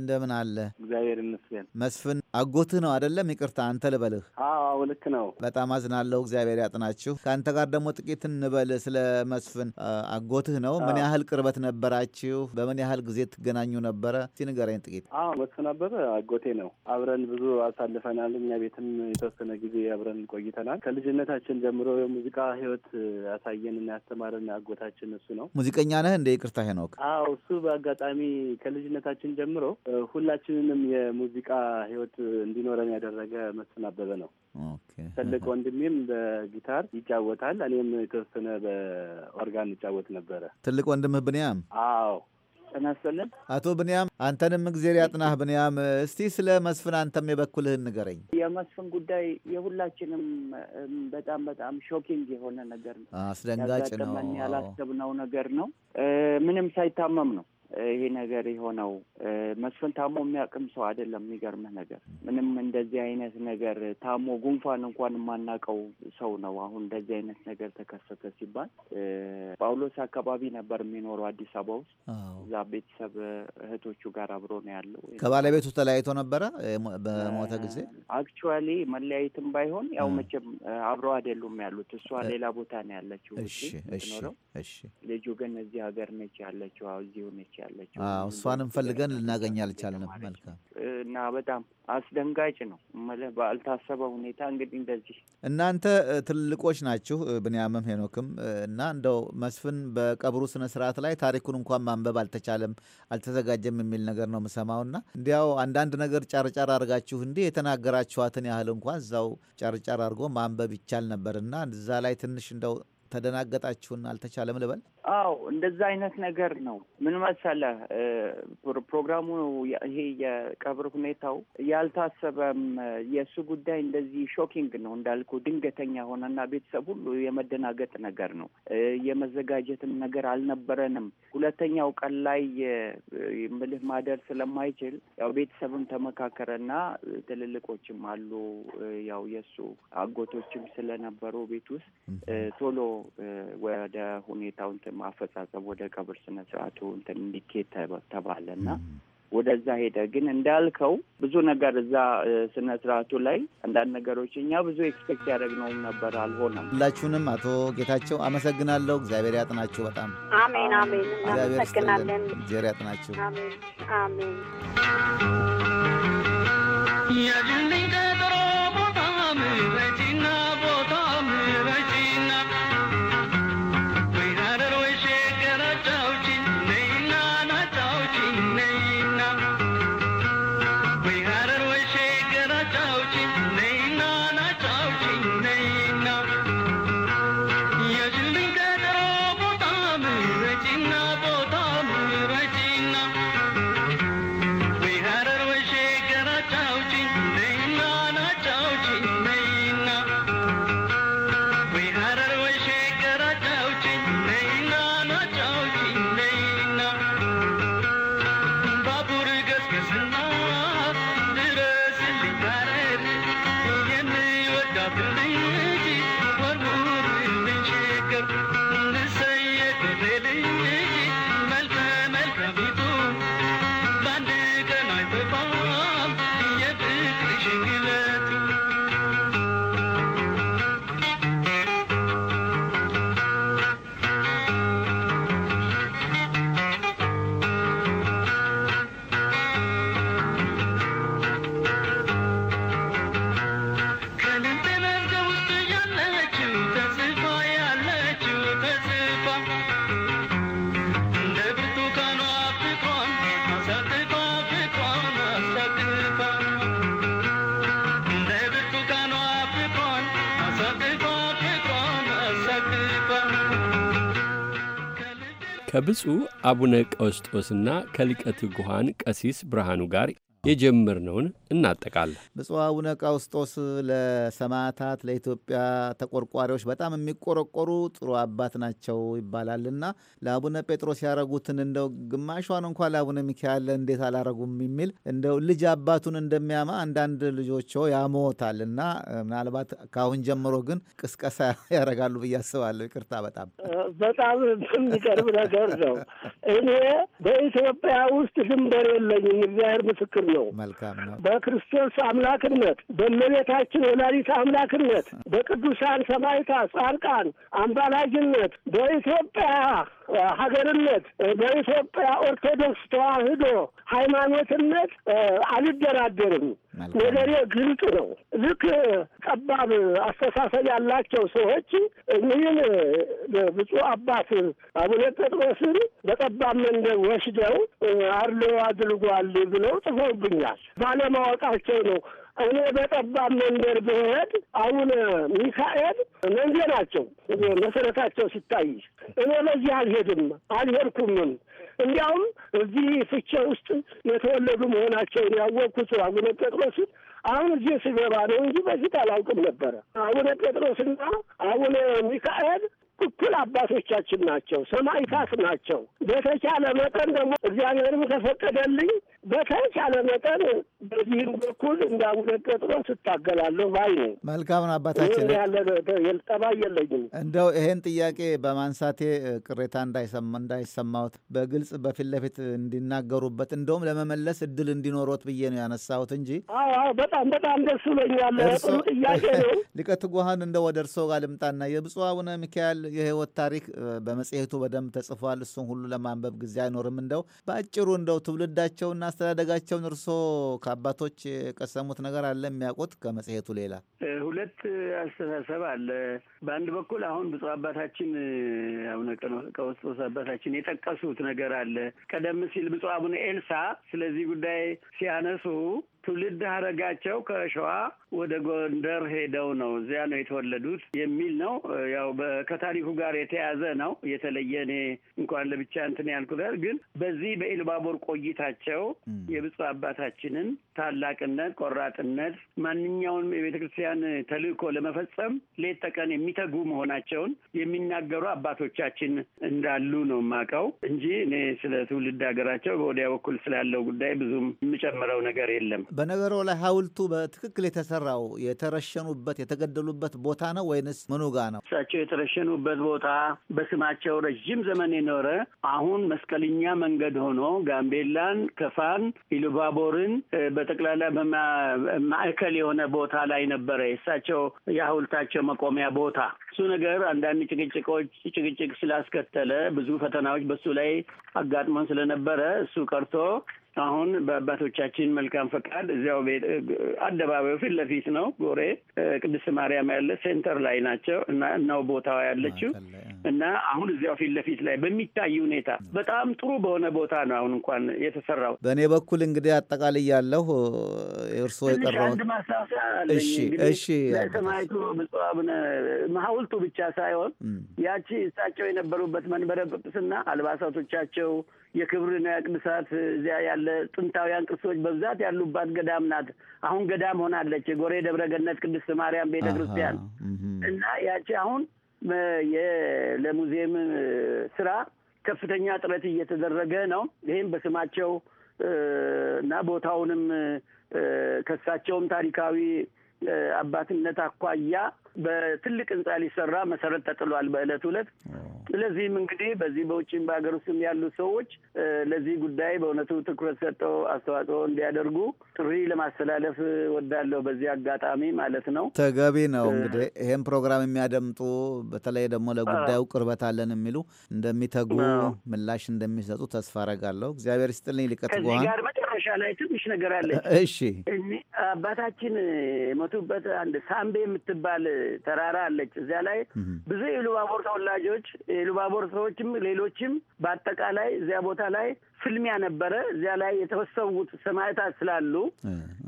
እንደምን አለ? እግዚአብሔር ይመስገን። መስፍን አጎትህ ነው አይደለም? ይቅርታ አንተ ልበልህ። አዎ ልክ ነው። በጣም አዝናለሁ። እግዚአብሔር ያጥናችሁ። ከአንተ ጋር ደግሞ ጥቂት እንበል ስለ መስፍን። አጎትህ ነው። ምን ያህል ቅርበት ነበራችሁ? በምን ያህል ጊዜ ትገናኙ ነበረ? እስኪ ጥቂት። አዎ መስፍን ነበረ አጎቴ ነው። አብረን ብዙ አሳልፈናል። እኛ ቤትም የተወሰነ ጊዜ አብረን ቆይተናል። ከልጅነታችን ጀምሮ የሙዚቃ ህይወት ያሳየንና ያስተማረን አጎታችን እሱ ነው። ሙዚቀኛ ነህ እንደ? ይቅርታ ሄኖክ። አዎ እሱ በአጋጣሚ ከልጅነታችን ጀምሮ ሁላችንንም የሙዚቃ ህይወት እንዲኖረን ያደረገ መስፍን አበበ ነው። ትልቅ ወንድሜም በጊታር ይጫወታል። እኔም የተወሰነ በኦርጋን ይጫወት ነበረ። ትልቅ ወንድምህ ብንያም? አዎ እናስለን አቶ ብንያም አንተንም እግዜር ያጥናህ። ብንያም እስቲ ስለ መስፍን አንተም የበኩልህን ንገረኝ። የመስፍን ጉዳይ የሁላችንም በጣም በጣም ሾኪንግ የሆነ ነገር ነው። አስደንጋጭ ነው። ያላሰብነው ነገር ነው። ምንም ሳይታመም ነው ይሄ ነገር የሆነው መስፍን ታሞ የሚያውቅም ሰው አይደለም። የሚገርምህ ነገር ምንም እንደዚህ አይነት ነገር ታሞ ጉንፋን እንኳን የማናውቀው ሰው ነው። አሁን እንደዚህ አይነት ነገር ተከሰተ ሲባል ጳውሎስ አካባቢ ነበር የሚኖረው አዲስ አበባ ውስጥ። እዛ ቤተሰብ እህቶቹ ጋር አብሮ ነው ያለው። ከባለቤቱ ተለያይቶ ነበረ በሞተ ጊዜ አክቹዋሊ መለያየትም ባይሆን ያው መቼም አብረው አይደሉም ያሉት። እሷ ሌላ ቦታ ነው ያለችው ልጁ ግን እዚህ ሀገር ነች ያለችው እዚሁ ነች ያለችው። እሷንም ፈልገን ልናገኝ አልቻልንም። መልካም እና በጣም አስደንጋጭ ነው። ባልታሰበ ሁኔታ እንግዲህ እንደዚህ እናንተ ትልልቆች ናችሁ፣ ብንያምም ሄኖክም እና እንደው መስፍን በቀብሩ ስነ ስርዓት ላይ ታሪኩን እንኳን ማንበብ አልተቻለም አልተዘጋጀም የሚል ነገር ነው የምሰማው። እና እንዲያው አንዳንድ ነገር ጫርጫር አድርጋችሁ እንዲህ የተናገራችኋትን ያህል እንኳን እዛው ጫርጫር አድርጎ ማንበብ ይቻል ነበር እና እዛ ላይ ትንሽ እንደው ተደናገጣችሁን አልተቻለም ልበል? አዎ እንደዛ አይነት ነገር ነው። ምን መሰለህ ፕሮግራሙ ይሄ የቀብር ሁኔታው ያልታሰበም የእሱ ጉዳይ እንደዚህ ሾኪንግ ነው እንዳልኩ ድንገተኛ ሆነና ቤተሰብ ሁሉ የመደናገጥ ነገር ነው። የመዘጋጀትም ነገር አልነበረንም። ሁለተኛው ቀን ላይ ምልህ ማደር ስለማይችል ያው ቤተሰብም ተመካከረና ትልልቆችም አሉ ያው የእሱ አጎቶችም ስለነበሩ ቤት ውስጥ ቶሎ ወደ ሁኔታውን አፈጻጸም ወደ ቀብር ስነ ስርዓቱ እንትን እንዲኬድ ተባለ እና ወደዛ ሄደ። ግን እንዳልከው ብዙ ነገር እዛ ስነ ስርዓቱ ላይ አንዳንድ ነገሮች እኛ ብዙ ኤክስፔክት ያደረግነውም ነበር፣ አልሆነም። ሁላችሁንም አቶ ጌታቸው አመሰግናለሁ። እግዚአብሔር ያጥናችሁ። በጣም አሜን፣ አሜን። እናመሰግናለን። እግዚአብሔር ያጥናችሁ። አሜን። የድልኝ ቦታ ቤቴና ቦታ கருணை ከብፁዕ አቡነ ቀውስጦስና ከሊቀ ትጉሃን ቀሲስ ብርሃኑ ጋር የጀመርነውን እናጠቃለን። ብፁዕ አቡነ ቃውስጦስ ለሰማዕታት ለኢትዮጵያ ተቆርቋሪዎች በጣም የሚቆረቆሩ ጥሩ አባት ናቸው ይባላልና ለአቡነ ጴጥሮስ ያረጉትን እንደው ግማሿን እንኳ ለአቡነ ሚካኤል እንዴት አላረጉም የሚል እንደው ልጅ አባቱን እንደሚያማ አንዳንድ ልጆች ያሞታል እና ምናልባት ከአሁን ጀምሮ ግን ቅስቀሳ ያረጋሉ ብዬ አስባለሁ። ይቅርታ በጣም በጣም የሚቀርብ ነገር ነው። እኔ በኢትዮጵያ ውስጥ ድንበር የለኝም። እግዚአብሔር ምስክር ነው። መልካም ነው። በክርስቶስ አምላክነት፣ በእመቤታችን ወላዲት አምላክነት፣ በቅዱሳን ሰማይታ ጻድቃን አምባላጅነት፣ በኢትዮጵያ ሀገርነት፣ በኢትዮጵያ ኦርቶዶክስ ተዋህዶ ሃይማኖትነት አልደራደርም። ነገሬ ግልጽ ነው። ልክ ጠባብ አስተሳሰብ ያላቸው ሰዎች እኒህን ብፁዕ አባት አቡነ ጴጥሮስን በጠባብ መንደር ወስደው አድሎ አድርጓል ብለው ጽፈውብኛል። ባለማወቃቸው ነው። እኔ በጠባብ መንደር ብሄድ አቡነ ሚካኤል መንዜ ናቸው መሰረታቸው ሲታይ እኔ በዚህ አልሄድም አልሄድኩምም እንዲያውም እዚህ ፍቼ ውስጥ የተወለዱ መሆናቸውን ያወቅኩት አቡነ ጴጥሮስን አሁን እዚህ ስገባ ነው እንጂ በፊት አላውቅም ነበረ። አቡነ ጴጥሮስና አቡነ ሚካኤል እኩል አባቶቻችን ናቸው፣ ሰማይታት ናቸው። በተቻለ መጠን ደግሞ እግዚአብሔርም ከፈቀደልኝ በተቻለ መጠን በዚህም በኩል እንዳቡነ እንዳውለቀጥሎ ስታገላለሁ ባይ ነው። መልካምን አባታችን ያለ ጠባይ የለኝም። እንደው ይሄን ጥያቄ በማንሳቴ ቅሬታ እንዳይሰማዎት በግልጽ በፊት ለፊት እንዲናገሩበት እንደውም ለመመለስ እድል እንዲኖሮት ብዬ ነው ያነሳሁት እንጂ በጣም በጣም ደስ ብሎኛል። ጥሩ ጥያቄ ነው። ሊቀ ትጉሃን እንደው ወደ እርስዎ ጋር ልምጣና የብፁዕ አቡነ ሚካኤል የህይወት ታሪክ በመጽሔቱ በደንብ ተጽፏል። እሱን ሁሉ ለማንበብ ጊዜ አይኖርም። እንደው በአጭሩ እንደው ትውልዳቸውና አስተዳደጋቸውን እርሶ ከአባቶች የቀሰሙት ነገር አለ የሚያውቁት ከመጽሔቱ ሌላ? ሁለት አስተሳሰብ አለ። በአንድ በኩል አሁን ብፁዕ አባታችን አቡነ ቀውስጦስ አባታችን የጠቀሱት ነገር አለ። ቀደም ሲል ብፁዕ አቡነ ኤልሳ ስለዚህ ጉዳይ ሲያነሱ ትውልድ ሀረጋቸው ከሸዋ ወደ ጎንደር ሄደው ነው እዚያ ነው የተወለዱት የሚል ነው። ያው ከታሪኩ ጋር የተያዘ ነው። የተለየ እኔ እንኳን ለብቻ እንትን ያልኩታል። ግን በዚህ በኢልባቦር ቆይታቸው የብፁ አባታችንን ታላቅነት፣ ቆራጥነት ማንኛውንም የቤተ ክርስቲያን ተልእኮ ለመፈጸም ሌት ተቀን የሚተጉ መሆናቸውን የሚናገሩ አባቶቻችን እንዳሉ ነው የማውቀው እንጂ እኔ ስለ ትውልድ ሀገራቸው በወዲያ በኩል ስላለው ጉዳይ ብዙም የምጨምረው ነገር የለም። በነገሮ ላይ ሀውልቱ በትክክል የተሰራው የተረሸኑበት የተገደሉበት ቦታ ነው ወይንስ ምኑ ጋ ነው? እሳቸው የተረሸኑበት ቦታ በስማቸው ረዥም ዘመን የኖረ አሁን መስቀልኛ መንገድ ሆኖ ጋምቤላን፣ ከፋን፣ ኢሉባቦርን በጠቅላላ ማዕከል የሆነ ቦታ ላይ ነበረ የእሳቸው የሀውልታቸው መቆሚያ ቦታ። እሱ ነገር አንዳንድ ጭቅጭቆች ጭቅጭቅ ስላስከተለ ብዙ ፈተናዎች በሱ ላይ አጋጥሞን ስለነበረ እሱ ቀርቶ አሁን በአባቶቻችን መልካም ፈቃድ እዚያው አደባባዩ ፊት ለፊት ነው። ጎሬ ቅድስት ማርያም ያለ ሴንተር ላይ ናቸው እና እናው ቦታዋ ያለችው እና አሁን እዚያው ፊት ለፊት ላይ በሚታይ ሁኔታ በጣም ጥሩ በሆነ ቦታ ነው አሁን እንኳን የተሰራው። በእኔ በኩል እንግዲህ አጠቃላይ ያለሁ እርስ የቀረው እሺ ሰማይቱ ብፁዕ አቡነ ሐውልቱ ብቻ ሳይሆን ያቺ እሳቸው የነበሩበት መንበረ ጵጵስና አልባሳቶቻቸው የክብርን ቅዱሳት እዚያ ያለ ጥንታውያን ቅርሶች በብዛት ያሉባት ገዳም ናት። አሁን ገዳም ሆናለች። የጎሬ ደብረ ገነት ቅድስት ማርያም ቤተ ክርስቲያን እና ያቺ አሁን ለሙዚየም ስራ ከፍተኛ ጥረት እየተደረገ ነው። ይህም በስማቸው እና ቦታውንም ከሳቸውም ታሪካዊ አባትነት አኳያ በትልቅ ህንፃ ሊሰራ መሰረት ተጥሏል በእለት ሁለት። ስለዚህም እንግዲህ በዚህ በውጭም በሀገር ውስጥም ያሉ ሰዎች ለዚህ ጉዳይ በእውነቱ ትኩረት ሰጠው አስተዋጽኦ እንዲያደርጉ ጥሪ ለማስተላለፍ ወዳለሁ በዚህ አጋጣሚ ማለት ነው። ተገቢ ነው እንግዲህ ይህም ፕሮግራም የሚያደምጡ በተለይ ደግሞ ለጉዳዩ ቅርበት አለን የሚሉ እንደሚተጉ ምላሽ እንደሚሰጡ ተስፋ አረጋለሁ። እግዚአብሔር ይስጥልኝ ሊቀት መጨረሻ ላይ ትንሽ ነገር አለች። እሺ አባታችን የሞቱበት አንድ ሳምቤ የምትባል ተራራ አለች። እዚያ ላይ ብዙ የሉባቦር ተወላጆች የሉባቦር ሰዎችም ሌሎችም በአጠቃላይ እዚያ ቦታ ላይ ፍልሚያ ነበረ። እዚያ ላይ የተወሰውት ሰማዕታት ስላሉ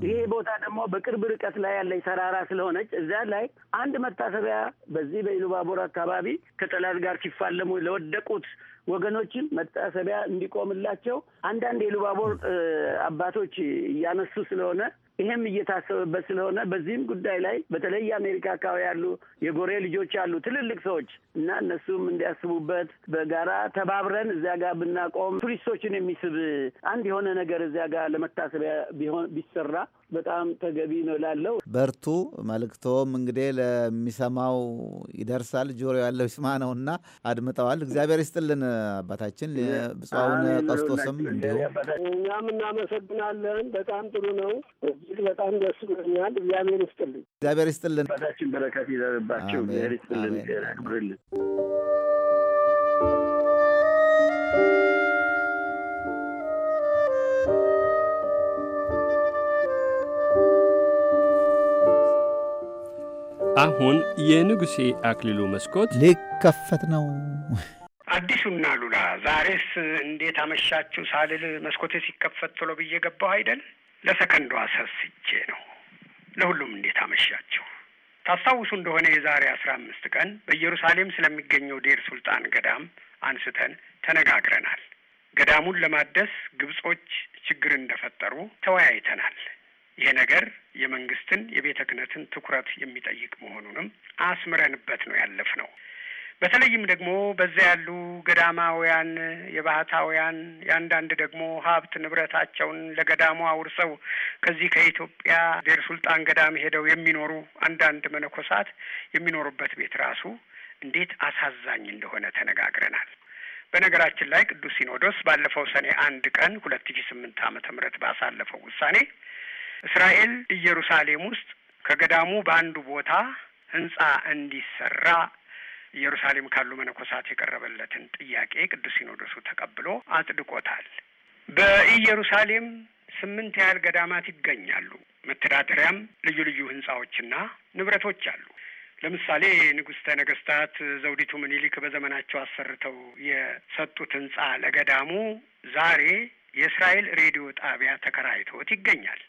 ይሄ ቦታ ደግሞ በቅርብ ርቀት ላይ ያለች ተራራ ስለሆነች እዚያ ላይ አንድ መታሰቢያ በዚህ በኢሉባቦር አካባቢ ከጠላት ጋር ሲፋለሙ ለወደቁት ወገኖችን መታሰቢያ እንዲቆምላቸው አንዳንድ የሉባቦር አባቶች እያነሱ ስለሆነ ይሄም እየታሰበበት ስለሆነ በዚህም ጉዳይ ላይ በተለይ የአሜሪካ አካባቢ ያሉ የጎሬ ልጆች አሉ ትልልቅ ሰዎች እና እነሱም እንዲያስቡበት በጋራ ተባብረን እዚያ ጋር ብናቆም ቱሪስቶችን የሚስብ አንድ የሆነ ነገር እዚያ ጋር ለመታሰቢያ ቢሆን ቢሰራ በጣም ተገቢ ነው ላለው በርቱ። መልእክቶም እንግዲህ ለሚሰማው ይደርሳል። ጆሮ ያለው ይስማ ነው እና አድምጠዋል። እግዚአብሔር ይስጥልን አባታችን ብፁዓውን ቀስጦስም እንዲሁ እኛም እናመሰግናለን። በጣም ጥሩ ነው። እጅግ በጣም ደስ ብሎኛል። እግዚአብሔር ይስጥልኝ፣ እግዚአብሔር ይስጥልን፣ ባታችን በረከት ይዘርባቸው። እግዚአብሔር ይስጥልን፣ እግዚአብሔር ያክብርልን። አሁን የንጉሴ አክሊሉ መስኮት ሊከፈት ነው። አዲሱና ሉላ ዛሬስ እንዴት አመሻችሁ ሳልል መስኮቴ ሲከፈት ቶሎ ብዬ ገባሁ አይደል? ለሰከንዷ ሰስቼ ነው። ለሁሉም እንዴት አመሻቸው። ታስታውሱ እንደሆነ የዛሬ አስራ አምስት ቀን በኢየሩሳሌም ስለሚገኘው ዴር ሱልጣን ገዳም አንስተን ተነጋግረናል። ገዳሙን ለማደስ ግብጾች ችግር እንደፈጠሩ ተወያይተናል። ይህ ነገር የመንግስትን የቤተ ክህነትን ትኩረት የሚጠይቅ መሆኑንም አስምረንበት ነው ያለፍነው። ነው። በተለይም ደግሞ በዚያ ያሉ ገዳማውያን፣ የባህታውያን የአንዳንድ ደግሞ ሀብት ንብረታቸውን ለገዳሙ አውርሰው ከዚህ ከኢትዮጵያ ዴር ሱልጣን ገዳም ሄደው የሚኖሩ አንዳንድ መነኮሳት የሚኖሩበት ቤት ራሱ እንዴት አሳዛኝ እንደሆነ ተነጋግረናል። በነገራችን ላይ ቅዱስ ሲኖዶስ ባለፈው ሰኔ አንድ ቀን ሁለት ሺ ስምንት ዓመተ ምህረት ባሳለፈው ውሳኔ እስራኤል ኢየሩሳሌም ውስጥ ከገዳሙ በአንዱ ቦታ ህንጻ እንዲሰራ ኢየሩሳሌም ካሉ መነኮሳት የቀረበለትን ጥያቄ ቅዱስ ሲኖዶሱ ተቀብሎ አጽድቆታል። በኢየሩሳሌም ስምንት ያህል ገዳማት ይገኛሉ። መተዳደሪያም ልዩ ልዩ ህንጻዎችና ንብረቶች አሉ። ለምሳሌ ንጉሥተ ነገስታት ዘውዲቱ ምኒልክ በዘመናቸው አሰርተው የሰጡት ህንጻ ለገዳሙ ዛሬ የእስራኤል ሬዲዮ ጣቢያ ተከራይቶት ይገኛል።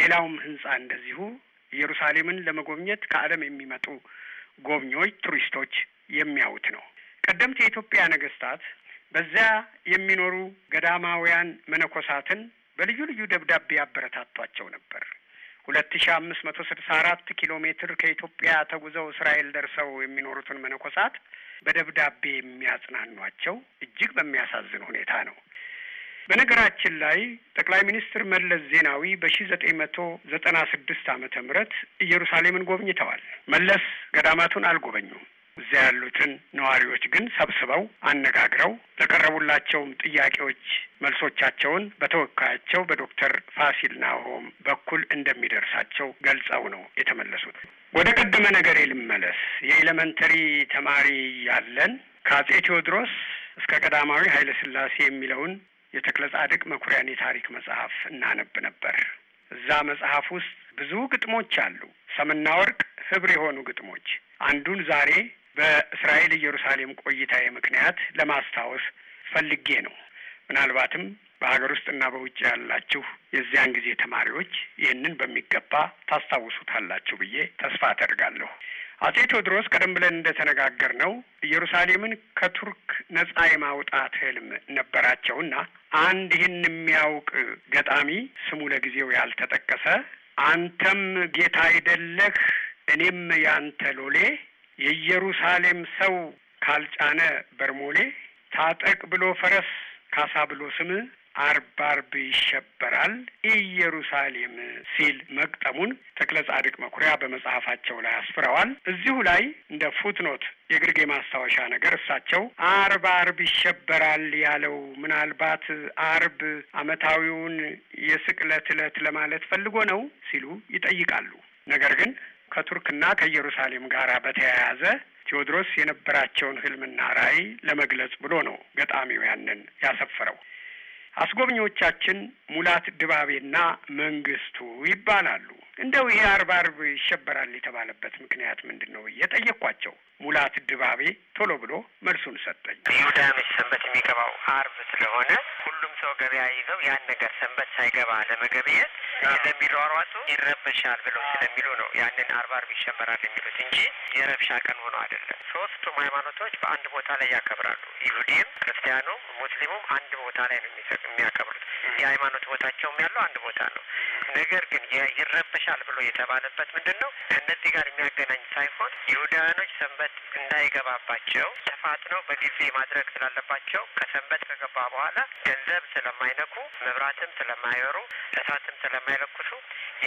ሌላውም ህንጻ እንደዚሁ ኢየሩሳሌምን ለመጎብኘት ከዓለም የሚመጡ ጎብኚዎች፣ ቱሪስቶች የሚያዩት ነው። ቀደምት የኢትዮጵያ ነገስታት በዚያ የሚኖሩ ገዳማውያን መነኮሳትን በልዩ ልዩ ደብዳቤ ያበረታቷቸው ነበር። ሁለት ሺ አምስት መቶ ስድሳ አራት ኪሎ ሜትር ከኢትዮጵያ ተጉዘው እስራኤል ደርሰው የሚኖሩትን መነኮሳት በደብዳቤ የሚያጽናኗቸው እጅግ በሚያሳዝን ሁኔታ ነው። በነገራችን ላይ ጠቅላይ ሚኒስትር መለስ ዜናዊ በሺ ዘጠኝ መቶ ዘጠና ስድስት ዓመተ ምህረት ኢየሩሳሌምን ጎብኝተዋል። መለስ ገዳማቱን አልጎበኙም። እዚያ ያሉትን ነዋሪዎች ግን ሰብስበው አነጋግረው ለቀረቡላቸውም ጥያቄዎች መልሶቻቸውን በተወካያቸው በዶክተር ፋሲል ናሆም በኩል እንደሚደርሳቸው ገልጸው ነው የተመለሱት። ወደ ቀደመ ነገር ልመለስ። የኤሌመንተሪ ተማሪ ያለን ከአጼ ቴዎድሮስ እስከ ቀዳማዊ ኃይለ ሥላሴ የሚለውን የተክለ ጻድቅ መኩሪያን የታሪክ መጽሐፍ እናነብ ነበር። እዛ መጽሐፍ ውስጥ ብዙ ግጥሞች አሉ። ሰምና ወርቅ ህብር የሆኑ ግጥሞች። አንዱን ዛሬ በእስራኤል ኢየሩሳሌም ቆይታዬ ምክንያት ለማስታወስ ፈልጌ ነው። ምናልባትም በሀገር ውስጥና በውጭ ያላችሁ የዚያን ጊዜ ተማሪዎች ይህንን በሚገባ ታስታውሱታላችሁ ብዬ ተስፋ አደርጋለሁ። አጼ ቴዎድሮስ ቀደም ብለን ነው። ኢየሩሳሌምን ከቱርክ ነጻ የማውጣት ህልም ነበራቸውና አንድ ይህን የሚያውቅ ገጣሚ ስሙ ለጊዜው ያልተጠቀሰ አንተም ጌታ አይደለህ እኔም ያንተ ሎሌ የኢየሩሳሌም ሰው ካልጫነ በርሞሌ ታጠቅ ብሎ ፈረስ ካሳ ብሎ ስም አርብ አርብ ይሸበራል ኢየሩሳሌም ሲል መቅጠሙን ተክለ ጻድቅ መኩሪያ በመጽሐፋቸው ላይ አስፍረዋል። እዚሁ ላይ እንደ ፉትኖት የግርጌ ማስታወሻ ነገር እሳቸው አርብ አርብ ይሸበራል ያለው ምናልባት አርብ ዓመታዊውን የስቅለት ዕለት ለማለት ፈልጎ ነው ሲሉ ይጠይቃሉ። ነገር ግን ከቱርክና ከኢየሩሳሌም ጋር በተያያዘ ቴዎድሮስ የነበራቸውን ህልምና ራዕይ ለመግለጽ ብሎ ነው ገጣሚው ያንን ያሰፈረው። አስጎብኚዎቻችን ሙላት ድባቤና መንግስቱ ይባላሉ። እንደው ይሄ አርብ አርብ ይሸበራል የተባለበት ምክንያት ምንድን ነው ብዬ ጠየቅኳቸው። ሙላት ድባቤ ቶሎ ብሎ መልሱን ሰጠኝ። ይሁዳ መች ሰንበት የሚገባው አርብ ስለሆነ ሁሉም ሰው ገበያ ይዘው ያን ነገር ሰንበት ሳይገባ ለመገብየት ስለሚሯሯጡ ይረበሻል ብለው ስለሚሉ ነው ያንን አርብ አርብ ይሸበራል የሚሉት እንጂ የረብሻ ቀን ሆኖ አይደለም። ሶስቱም ሃይማኖቶች በአንድ ቦታ ላይ ያከብራሉ። ይሁዲም፣ ክርስቲያኑም፣ ሙስሊሙም አንድ ቦታ ላይ ነው የሚያከብሩት። የሃይማኖት ቦታቸውም ያለው አንድ ቦታ ነው። ነገር ግን ይረበሻል ብሎ የተባለበት ምንድን ነው ከእነዚህ ጋር የሚያገናኝ ሳይሆን ይሁዳውያኖች ሰንበት እንዳይገባባቸው ተፋጥነው በጊዜ ማድረግ ስላለባቸው ከሰንበት ከገባ በኋላ ገንዘብ ስለማይነኩ፣ መብራትም ስለማይበሩ፣ እሳትም ስለማይለኩሱ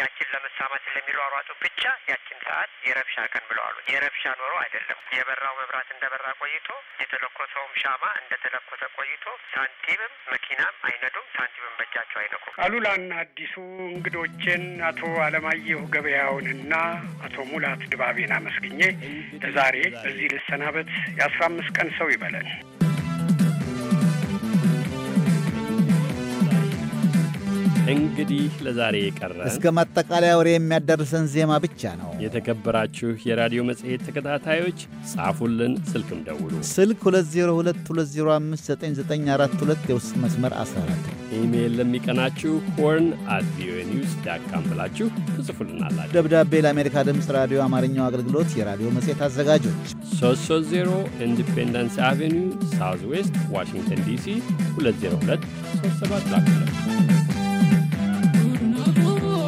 ያችን ለመሳማት ለሚሯሯጡ ብቻ ያችን ሰዓት የረብሻ ቀን ብለዋሉ። የረብሻ ኖሮ አይደለም። የበራው መብራት እንደበራ ቆይቶ የተለኮሰውም ሻማ እንደተለኮሰ ቆይቶ ሳንቲምም መኪናም አይነዱም፣ ሳንቲምም በእጃቸው አይነቁም። አሉላና አዲሱ እንግዶቼን አቶ አለማየሁ ገበያውንና አቶ ሙላት ድባቤን አመስግኜ ለዛሬ በዚህ ልሰናበት። የአስራ አምስት ቀን ሰው ይበለን። እንግዲህ ለዛሬ የቀረ እስከ ማጠቃለያ ወሬ የሚያደርሰን ዜማ ብቻ ነው። የተከበራችሁ የራዲዮ መጽሔት ተከታታዮች ጻፉልን፣ ስልክም ደውሉ። ስልክ 2022059942 የውስጥ መስመር 14። ኢሜይል ለሚቀናችሁ ሆርን አት ቪኦኤ ኒውስ ዳት ካም ብላችሁ ትጽፉልናላችሁ። ደብዳቤ ለአሜሪካ ድምፅ ራዲዮ አማርኛው አገልግሎት የራዲዮ መጽሔት አዘጋጆች 330 ኢንዲፔንደንስ አቬኒው ሳውዝ ዌስት ዋሽንግተን ዲሲ 20237 ላኩ። Ooh.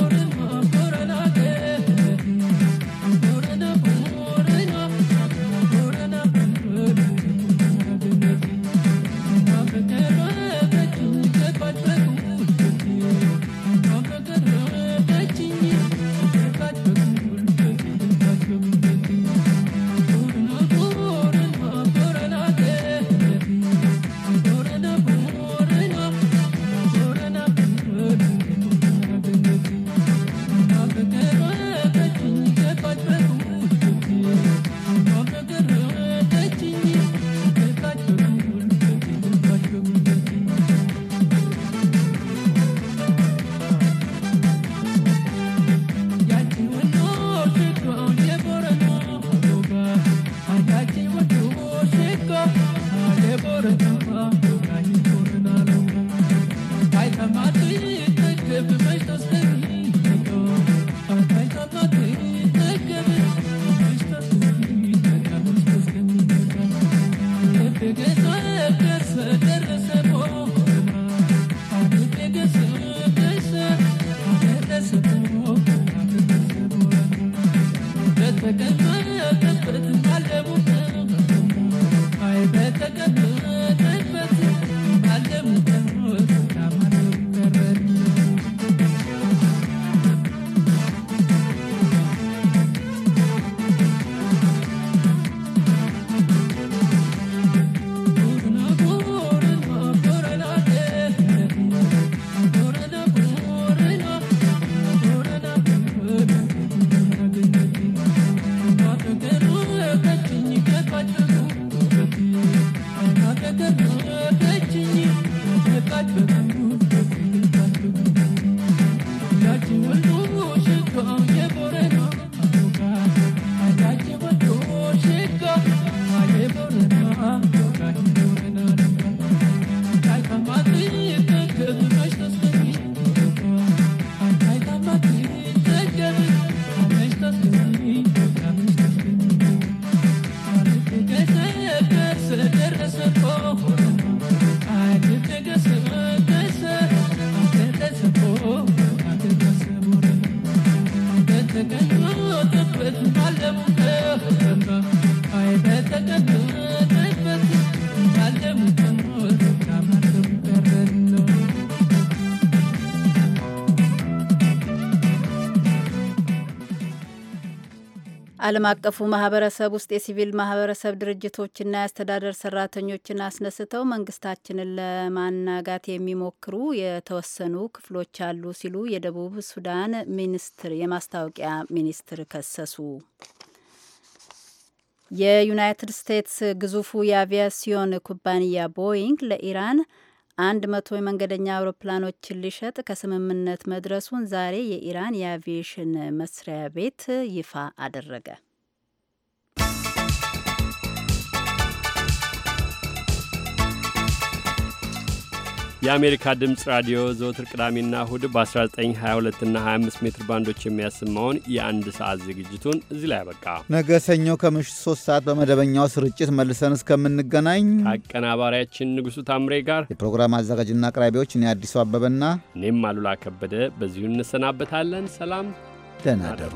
በዓለም አቀፉ ማህበረሰብ ውስጥ የሲቪል ማህበረሰብ ድርጅቶችና የአስተዳደር ሰራተኞችን አስነስተው መንግስታችንን ለማናጋት የሚሞክሩ የተወሰኑ ክፍሎች አሉ ሲሉ የደቡብ ሱዳን ሚኒስትር የማስታወቂያ ሚኒስትር ከሰሱ። የዩናይትድ ስቴትስ ግዙፉ የአቪያሲዮን ኩባንያ ቦይንግ ለኢራን አንድ መቶ የመንገደኛ አውሮፕላኖችን ሊሸጥ ከስምምነት መድረሱን ዛሬ የኢራን የአቪዬሽን መስሪያ ቤት ይፋ አደረገ። የአሜሪካ ድምፅ ራዲዮ ዘወትር ቅዳሜና እሁድ በ1922 እና 25 ሜትር ባንዶች የሚያሰማውን የአንድ ሰዓት ዝግጅቱን እዚህ ላይ ያበቃ። ነገ ሰኞ ከምሽት 3 ሰዓት በመደበኛው ስርጭት መልሰን እስከምንገናኝ አቀናባሪያችን ንጉሡ ታምሬ ጋር የፕሮግራም አዘጋጅና አቅራቢዎች እኔ አዲሱ አበበና እኔም አሉላ ከበደ በዚሁ እንሰናበታለን። ሰላም፣ ደህና ደሩ።